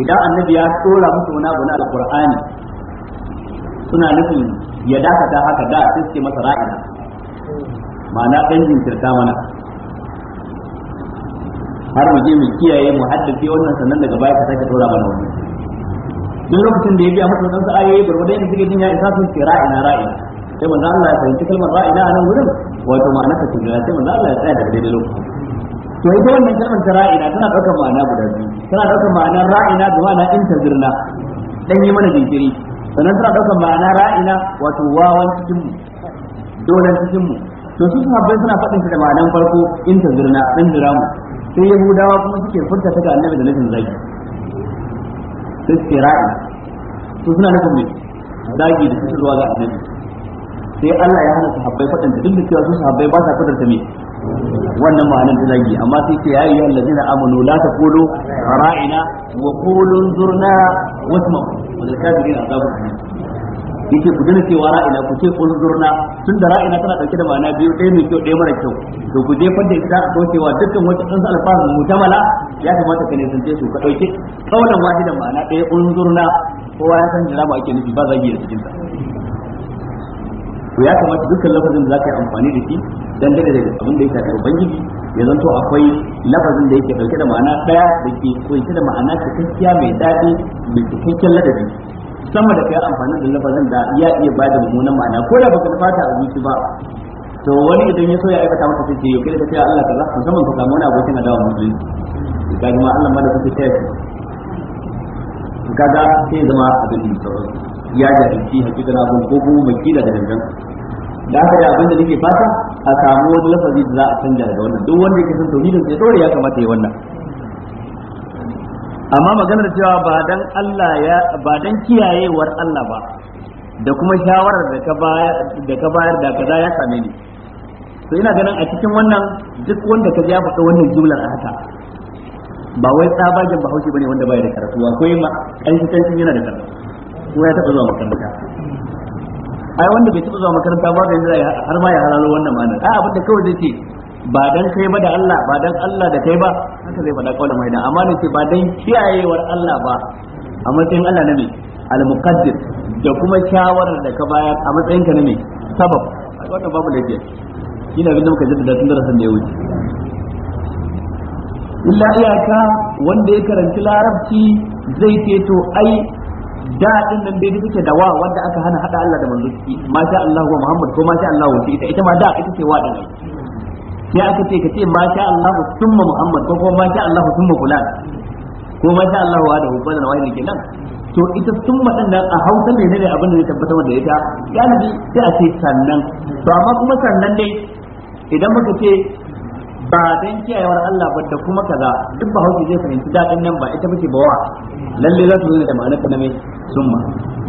idan annabi ya tsora musu wani abu na alqur'ani suna nufin ya dakata haka da sai suke masa ra'ayi ma'ana ɗan jinkirta mana har mu je mu kiyaye mu haddace wannan sannan daga baya ka sake tura mana wani duk lokacin da ya biya masa wadansu ayoyi gurgurda yadda suke jin ya isa sun ce ra'ina ra'ina sai manzo Allah ya fahimci kalmar ra'ina a nan wurin wato ma'ana ta tujira sai manzo Allah ya tsaya daga daidai lokacin to ita wannan kalmar ta ra'ina tana ɗaukar ma'ana guda biyu tana ɗaukar ma'anar ra'ina da ma'ana zirna dan yi mana jinkiri sannan tana ɗaukar ma'ana ra'ina wato wawan cikinmu, dole dolan to su sahabbai suna faɗin ta da ma'anar farko in ta zurna in ziramu sai yahudawa kuma suke furta ta ga annabi da nufin zagi sai suke ra'i su suna nufin mai zagi da su zuwa ga annabi sai Allah ya hana su Habbai faɗin ta duk da cewa su Habbai ba sa ta me wannan ma'anar ta zagi amma sai ke yayi yawan lazina amanu la ta kolo ra'ina wa qulu zurna wasu mafi wadda kafin azabun yake ku dana cewa ra'ina ku ce unzurna tun da ra'ina tana dauke da ma'ana biyu ɗaya mai kyau ɗaya mara kyau to ku je fadda ita ko cewa dukkan wata ɗan alfahu mutamala ya kamata ka ce su ka dauke kaulan wahidan ma'ana ɗaya unzurna kowa ya san jira ake nufi ba ki a cikin ta to ya kamata dukkan lafazin da ka yi amfani da shi dan da abin da ya shafi ubangiji ya zanto akwai lafazin da yake dauke da ma'ana daya da ke kunshe da ma'ana cikakkiya mai daɗi mai cikakken ladabi sama da kai amfani da lafazin da ya iya ba da mummunan ma'ana ko da baka fata a zuci ba to wani idan ya so ya aikata maka sai ya kai da Allah kaza musamman ka samu wani abokin adawa musulunci ka ma Allah ma da kake tayar kaga sai zama abin da sauran ya jahilci na abin ko kuma mai kila da dangan da haka da abin da nake fata a samu wani lafazi da za a canja daga wannan duk wanda yake son tauhidin sai dore ya kamata ya wannan amma maganar cewa ba dan Allah ya ba dan kiyayewar Allah ba da kuma shawarar da ka bayar da ka bayar da kaza ya same ni to ina ganin a cikin wannan duk wanda ka ya faɗa wannan jumlar a haka ba wai tsabagen bahaushe bane wanda bai da karatu akwai ma aikancin yana da karatu ko ya taɓa zuwa makaranta ai wanda bai taɓa zuwa makaranta ba da yanzu har ma ya halalo wannan ma'anar a abin da kawai zai ce ba dan kai ba da Allah ba dan Allah da kai ba haka zai faɗa kawai mai da amma ne ce ba don kiyayewar Allah ba a matsayin Allah na ne, al muqaddis da kuma shawarar da ka bayar a matsayin ka na ne, sabab wannan babu yake ina ganin muka jaddada tun darasin da ya wuce illa iyaka wanda ya karanci larabci zai ce to ai da nan dai take da wa wanda aka hana hada Allah da manzo ciki masha Allah wa Muhammad ko masha Allah wa ita ita ma da ita ce wa da sai aka ce ka ce ma sha Allahu summa Muhammad ko kuma ma sha Allahu summa fulan ko ma sha Allahu wa da hubban wa ne kenan to ita summa din nan a Hausa ne ne abin da ya tabbatar da yana galibi sai a ce sannan to amma kuma sannan dai idan muka ce ba dan kiyayewar Allah ba da kuma kaza duk ba hauki zai fahimci dadin nan ba ita muke bawa lalle za su zo da ma'anar ta mai summa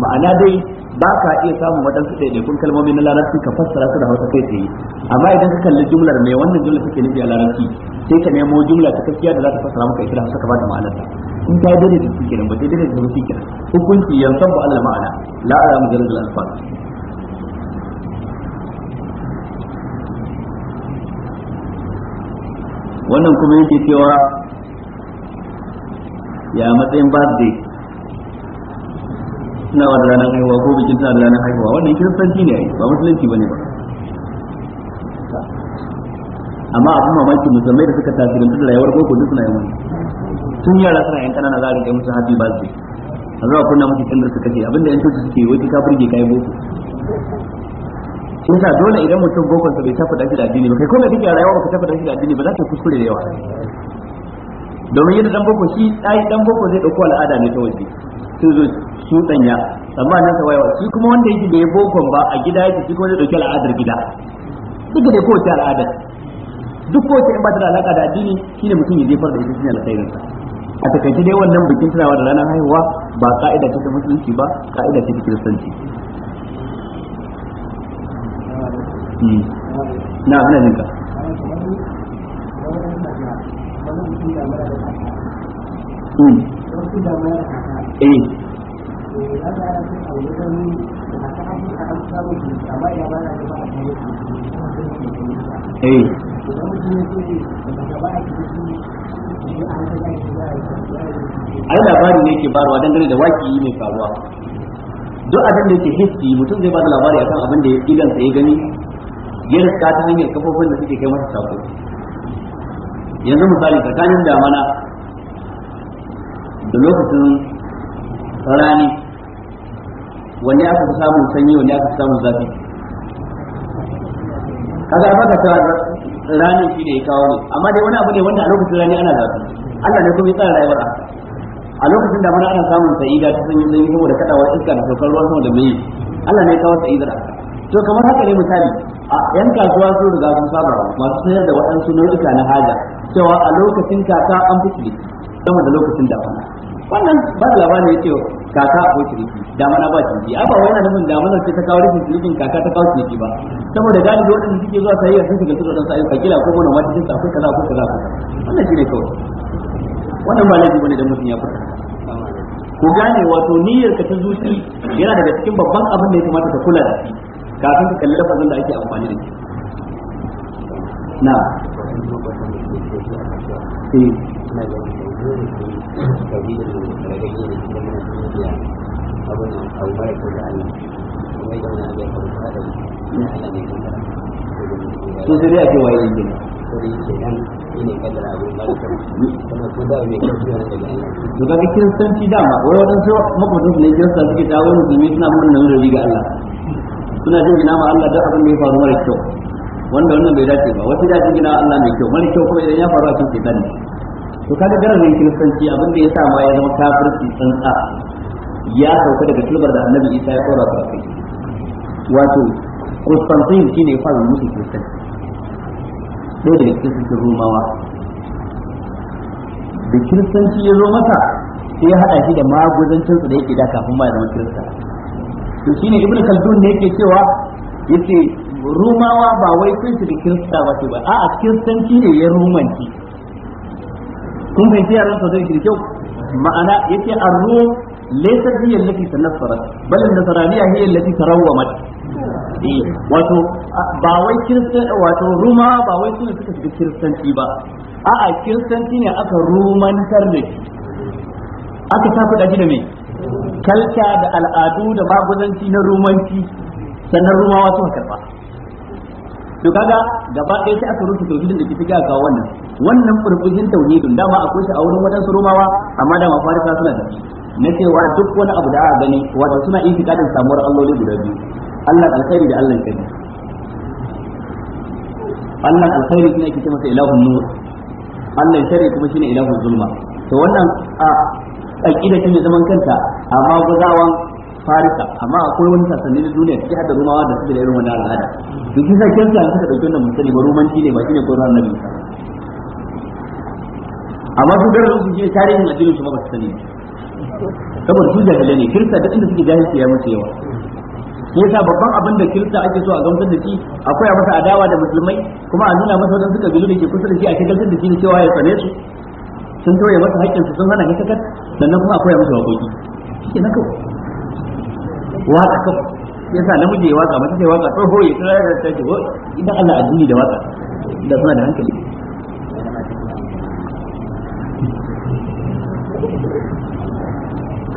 ma'ana dai ba ka iya samun waɗansu ɗaiɗaikun kalmomi na larabci ka fassara su da hausa kai tsaye amma idan ka kalli jumlar mai wannan jumlar take nufi a larabci sai ka nemo jumla ta kafiya da za ta fassara maka ita da hausa ka bada ma'anar ta in ta yi dare da su kenan ba ta yi dare da su kenan hukunci yanzu ba Allah ma'ana la mu mujarrad al-alfaz wannan kuma yake cewa ya matsayin birthday suna wata ranar haihuwa ko bikin suna da ranar haihuwa wannan kiristanci ne ba musulunci bane ba amma abin mamaki musulmai da suka tasirin da rayuwar ko duk suna yawan tun yara suna yan kanana za a rinka musu happy birthday a zuwa kunna musu kandar su kace abinda yan tusu suke wai ka kayan boko shi yasa dole idan mutum bokon sa bai tafi da shi da addini ba kai kuma kike rayuwa ba ka tafi da shi da addini ba za ka kuskure da yawa domin yadda dan boko shi dai dan boko zai dauko al'ada ne ta waje sai zo su danya amma nan sa wayawa shi kuma wanda yake bai bokon ba a gida yake shi kuma zai dauki al'adar gida duka dai kowace al'ada duk kowace in ba ta da alaka da addini shine mutum ya jefar da ita shine alkhairin sa a takaice dai wannan bikin tunawa da ranar haihuwa ba ka'ida ce ta musulunci ba ka'ida ce ta kiristanci na ana jinka hmm. eh. eh. ai labari ne ke barwa gani da waki mai faruwa duk abin da yake hiski mutum zai bada labari akan abin da ya sa ya gani ya riska ta hanyar kafofin da suke kai masa sako yanzu misali tsakanin damana da lokacin rani wanne aka fi samun sanyi wanne aka fi samun zafi kaga ba ka rani shi ne ya kawo ne amma dai wani abu ne wanda a lokacin rani ana zafi Allah ne kuma ya tsara rayuwar a lokacin da mana ana samun sa'ida ta sanyi sanyi saboda kadawar iska da saukar ruwan sama da mai Allah ne ya kawo sa'idar to kamar haka ne misali a yan kasuwa sun riga sun saba masu sayar da waɗansu nau'uka na haja cewa a lokacin kaka an fi ciniki sama da lokacin damana wannan ba ya yake kaka ko ciniki damana ba ciniki a ba wai yana nufin damanar ce ta kawo rikin cinikin kaka ta kawo ciniki ba saboda da waɗanda suke zuwa sayayya sun shiga cikin waɗansu ayyuka kila ko gona kusa za a kaza ko kaza kusa. wannan shine kawai wannan ba laifi bane dan mutum ya fita ku gane wato niyyar ka ta zuci yana daga cikin babban abin da ya kamata ka kula da shi kafin ka kalli lafazin da ake amfani da shi na eh. sun sai dai a ce waye ga kiristanci dama wai waɗansu da ne kirista suke dawo musulmi suna murna da riga Allah suna jin gina ma Allah duk abin da ya faru mara kyau wanda wannan bai dace ba wasu da wa Allah mai kyau mara kyau kuma idan ya faru a cikin zane. to kaga darajar kiristanci abin da ya sa ma ya zama kafirci tsantsa ya sauka daga tulbar da annabi Isa ya kora ta kai wato Constantine shine ya fara musu kiristanci ɗaya daga cikin rumawa. da kiristanci ya zo mata sai ya haɗa shi da maguzancin su da yake da kafin ma ya zama kirista to shine ibnu khaldun ne yake cewa yake rumawa ba wai sun shiga kirista ba ce ba a'a kiristanci ne ya rumanci kun fahimci yaran sosai shi da kyau ma'ana yake arru laysa hiya allati tanassarat bal an-nasraniyya hiya allati tarawwamat eh, wato ba wai kirista wato rumawa ba wai sun suka shiga kiristanci ba a'a kiristanci ne aka rumantar da shi aka tafi da shi da me kalta da al'adu da magudanci na rumanci sannan rumawa suka karba to kaga gaba ɗaya sai aka rufe tauhidin da ke figa ga wannan wannan burbushin tauhidin dama akwai shi a wurin wadansu rumawa amma dama farisa suna da shi na cewa duk wani abu da aka gani wato suna itikadin samuwar alloli guda biyu Allah alkhairi da Allah kadi Allah alkhairi shine ake ce masa ilahun nur Allah shari kuma shine ilahun zulma to wannan a aqida ta mai zaman kanta amma gudawan farisa amma akwai wani sassanin na duniya ciki hada rumawa da suke da irin wani al'ada duk kisa kirista suka dauki wannan musali ba romanci ne ba shine ko ran nabi amma su da su je tarihin addinin su ma ba su sani saboda su jahilai ne kirista duk inda suke jahilci ya musu yawa shi yasa babban abin da kirista ake so a gamsar da shi akwai masa adawa da musulmai kuma a nuna masa suka kabilu da ke kusa da shi a shagaltar da shi cewa ya tsane su sun toye masa hakkin su sun hana ne kakar sannan kuma akwai masa waƙoƙi shi na kawai waƙa kawai ya sa namiji ya waƙa mace ta waƙa tsoho ya tsara da ta ce idan Allah addini da waƙa da suna da hankali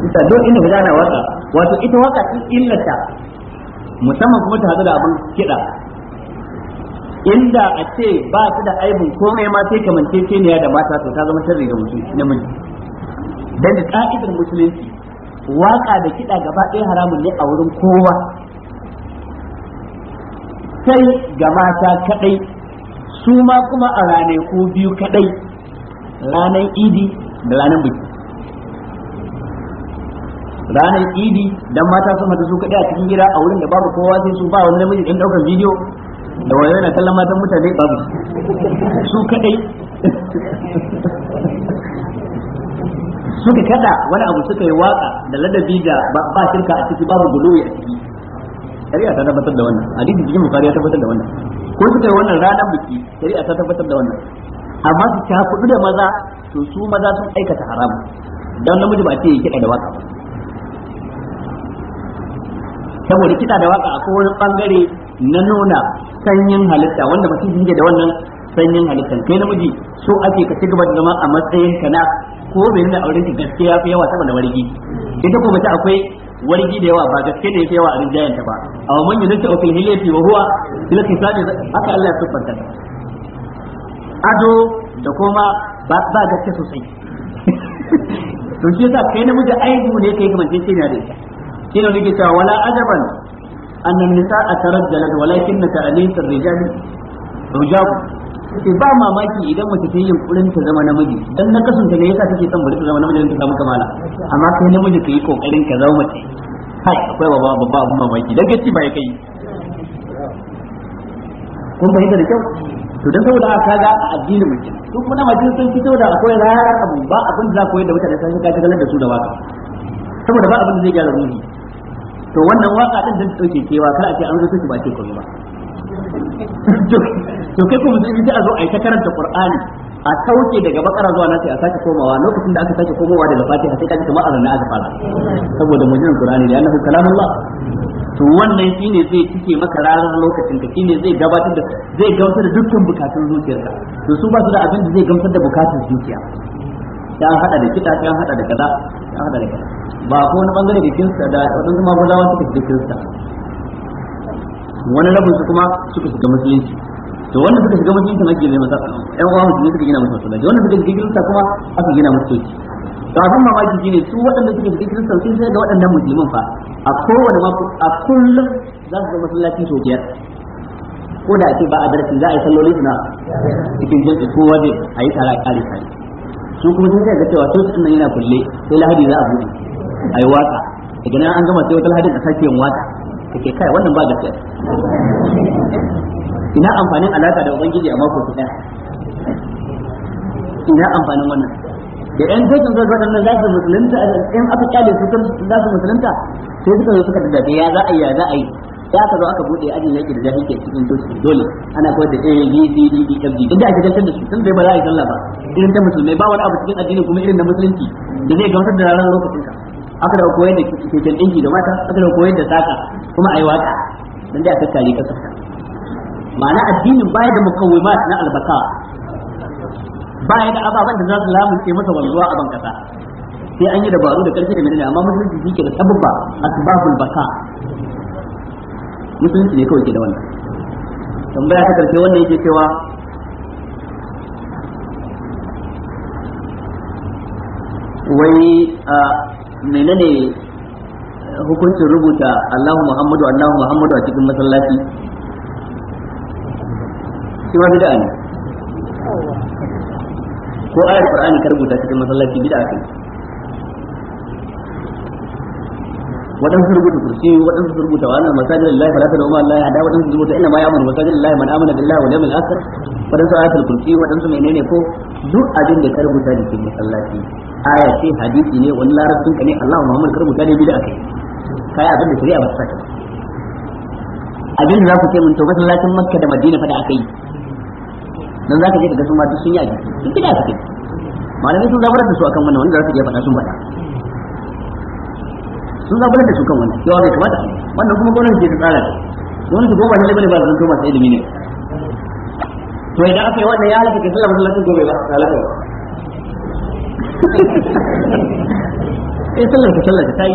ita don inda gudana waƙa wato ita waƙa sun illata musamman kuma ta hadu da abin kiɗa inda a ce ba su da aibin komai ma sai kamance keniya da mata to ta zama sharri ga namiji dan da ka'idar musulunci waka da kiɗa gaba ɗaya haramun ne a wurin kowa sai ga mata kaɗai su ma kuma a ko biyu kaɗai ranar idi da ranar biki ranar idi dan mata sun hada su kaɗai a cikin gida a wurin da babu kowa sai su ba wani namiji dan ɗaukar bidiyo da wayo yana kallon matan mutane babu su kadai suka kada wani abu suka yi waka da ladabi da ba shirka a ciki babu guluwi a ciki shari'a ta tabbatar da wannan hadisi cikin bukari ya tabbatar da wannan ko suka yi wannan ranar biki shari'a ta tabbatar da wannan amma su ta kudu da maza to su maza sun aikata haramu dan namiji ba ce ya kiɗa da waka saboda kiɗa da waka akwai wani bangare na nuna sanyin halitta wanda mutum yake da wannan sanyin halittan kai namiji so ake ka cigaba da zama a matsayin ka na ko bai nuna auren ki gaskiya fi yawa saboda wargi ita ko mace akwai wargi da yawa ba gaske ne fi yawa a rinjayen ta ba mun yi yunta cewa fil hilafi wa huwa fil kisabi haka Allah ya tabbata ado da kuma ba ba gaske sosai to shi yasa kai namiji aibu ne kai kamar sai ne da ita shi ne nake cewa wala ajaban أن النساء ترجلت ولكن تأنيس الرجال رجال sai ba mamaki idan mace ta yi yunkurin ta zama namiji dan na ta ne yasa take son bari ta zama namiji ta samu kamala amma kai namiji ka yi kokarin ka zama mace kai akwai baba babba abun mamaki dan gaci ba kai kun bai da kyau to dan saboda aka ga addinin mutum duk mun mace sun fi saboda akwai rayar abu ba abin da za koyar da mutane sai ka ga da su da waka saboda ba abin da zai gyara ruhi to wannan waka din da take cewa kar a ce an rubuta shi ba ce komai ba to kai kuma sai ta zo a yi ta karanta qur'ani a tauke daga bakara zuwa nace a sake komawa lokacin da aka sake komawa daga fatiha sai kaji kamar azan aka fara saboda mujin qur'ani da annahu kalamullah to wannan shine zai cike maka ranar lokacin ka shine zai gabatar da zai gamsar da dukkan bukatun zuciyarka to su ba su da abin da zai gamsar da bukatun zuciya ya hada da kita ya hada da kaza ya hada da kaza ba ko wani bangare da kinsa da wadansu magudawa suka shiga kinsa wani rabin su kuma suka shiga musulunci to wanda suka shiga musulunci na gina masa ƴan uwa musulunci suka gina masa masallaci wanda suka shiga kinsa kuma aka gina masa soki to abin mamaki shine su waɗanda suka shiga kinsa sun sai ga waɗannan musulman fa a kowane mako a kullum za su ga masallaci sau biyar ko da ake ba a darasi za a yi sallolin suna cikin jinsi ko waje a yi tsara a kare su kuma sun sai ga cewa su nan yana kulle sai lahadi za a buɗe ai waka daga nan an gama sai wata lahadin a sake yin waka kake kai wannan ba gaskiya ina amfanin alaka da ubangiji a mako kuɗa ina amfanin wannan da yan gajin zai nan za su musulunta in aka kyale su za su musulunta sai suka zo suka daddafe ya za a yi ya za a yi ya aka zo aka bude ajin yaki da yake cikin doki dole ana kawai da A B C D E F G inda ake dantar da su tun bai ba za a yi sallah ba irin ta musulmai ba wani abu cikin addini kuma irin na musulunci da zai gamsar da ranar lokacin ka aka da koyar da keken dinki da mata aka da koyar da saka kuma ai waka dan da a yi ka tsaka ma'ana addinin baya da mukawwimat na albaka baya da ababan da za su ce masa wanzuwa a bankasa sai an yi dabaru da karfi da menene amma musulunci shi ke da sababba asbabul baka musulunci ne kawai ke da wannan tambaya ta karshe wannan yake cewa wai menene eh, hukuncin rubuta Allahu Muhammadu Allahu Muhammadu a cikin masallaci shi ma bid'a ne ko ayar Qur'ani ka rubuta cikin masallaci bid'a wadan waɗansu rubuta kursi waɗansu rubuta wa ana masajid Allah fala tad'u ma Allah hada waɗansu rubuta inna ma ya'muru masajid man amana billahi wal yawmil akhir waɗansu ayatul kursi waɗansu menene ko duk abin da ka rubuta da ke masallaci aya ce hadisi ne wani larabcin ka ne Allah Muhammad ka rubuta ne bid'a kai kai abin da shari'a ba ta saka abin da za ku ce mun to masallacin Makka da Madina fa da aka yi dan zaka je daga sun ma duk sun yi duk da kai malamai sun zabar da su akan wannan wanda za su je faɗa sun faɗa sun zabar da su kan wannan yawa bai kamata wannan kuma gwamnati ce ta tsara wani ko ba ne bane ba zan to masu ilimi ne to idan aka yi wannan ya halaka kai sallah masallacin gobe ba ta halaka eh, sallar ka sallar ka tayi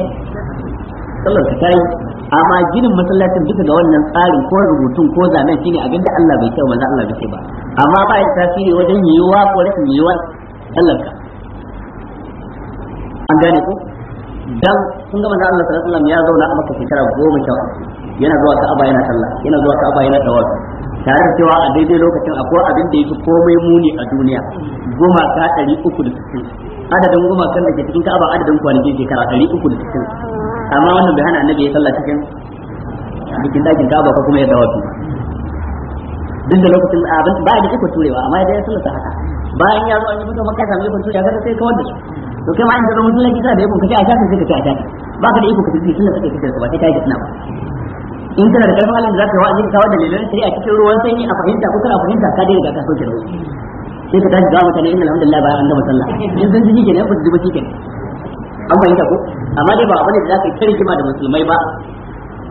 sallar ka tayi amma ginin masallacin duka ga wannan tsarin ko rubutun ko zanen shine abin da Allah bai kyau manzo Allah bai ce ba amma ba ya tasiri wajen yiwuwa ko rashin yiwuwa sallar ka an gane ko dan kun ga manzo Allah sallallahu alaihi wasallam ya zauna a Makka shekara goma kyau, yana zuwa Ka'aba yana sallah yana zuwa Ka'aba yana tawafi tare da cewa a daidai lokacin akwai abin da yake komai muni a duniya gumaka ɗari uku da sittin adadin gumakan da ke cikin ka'aba adadin kwanakin shekara ɗari uku da sittin amma wannan bai hana annabi ya sallah cikin cikin ɗakin ka'aba ko kuma ya dawo dawafi duk da lokacin abin ba da iko turewa amma ya sallah ta haka bayan ya zo an yi fito makka ya samu ikon turewa kada sai kawar da su to kai ma an ka zama musulunci kisa da ikon ka ce a shafin sai ka ce a shafin ba ka da iko ka tafi sallah sai ka ce ba sai ka yi jisna ba in tana da karfin halin da zaka wa'azi ka kawo dalilan shari'a cikin ruwan sanyi a fahimta ko kana fahimta ka dai riga ka soke ruwa sai ka tashi gawa mutane inna alhamdulillah bayan an gama sallah in sun shi kenan ba su ji ba shi kenan an fahimta ko amma dai ba abin da ka yi kima da musulmai ba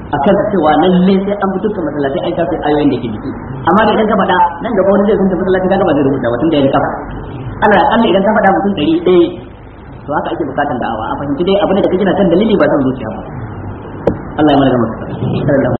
a kan cewa ne sai an fito masallaci ai tafi ayoyin da ke jiki amma dai idan ka faɗa nan gaba wani zai kunta masallaci ka ba zai rubuta ba tunda ya kafa Allah Allah idan ka faɗa mutum ɗari ɗaya to haka ake bukatar da'awa a fahimci dai abin da kake na kan dalili ba zan zuciya ba Allah ya mana gama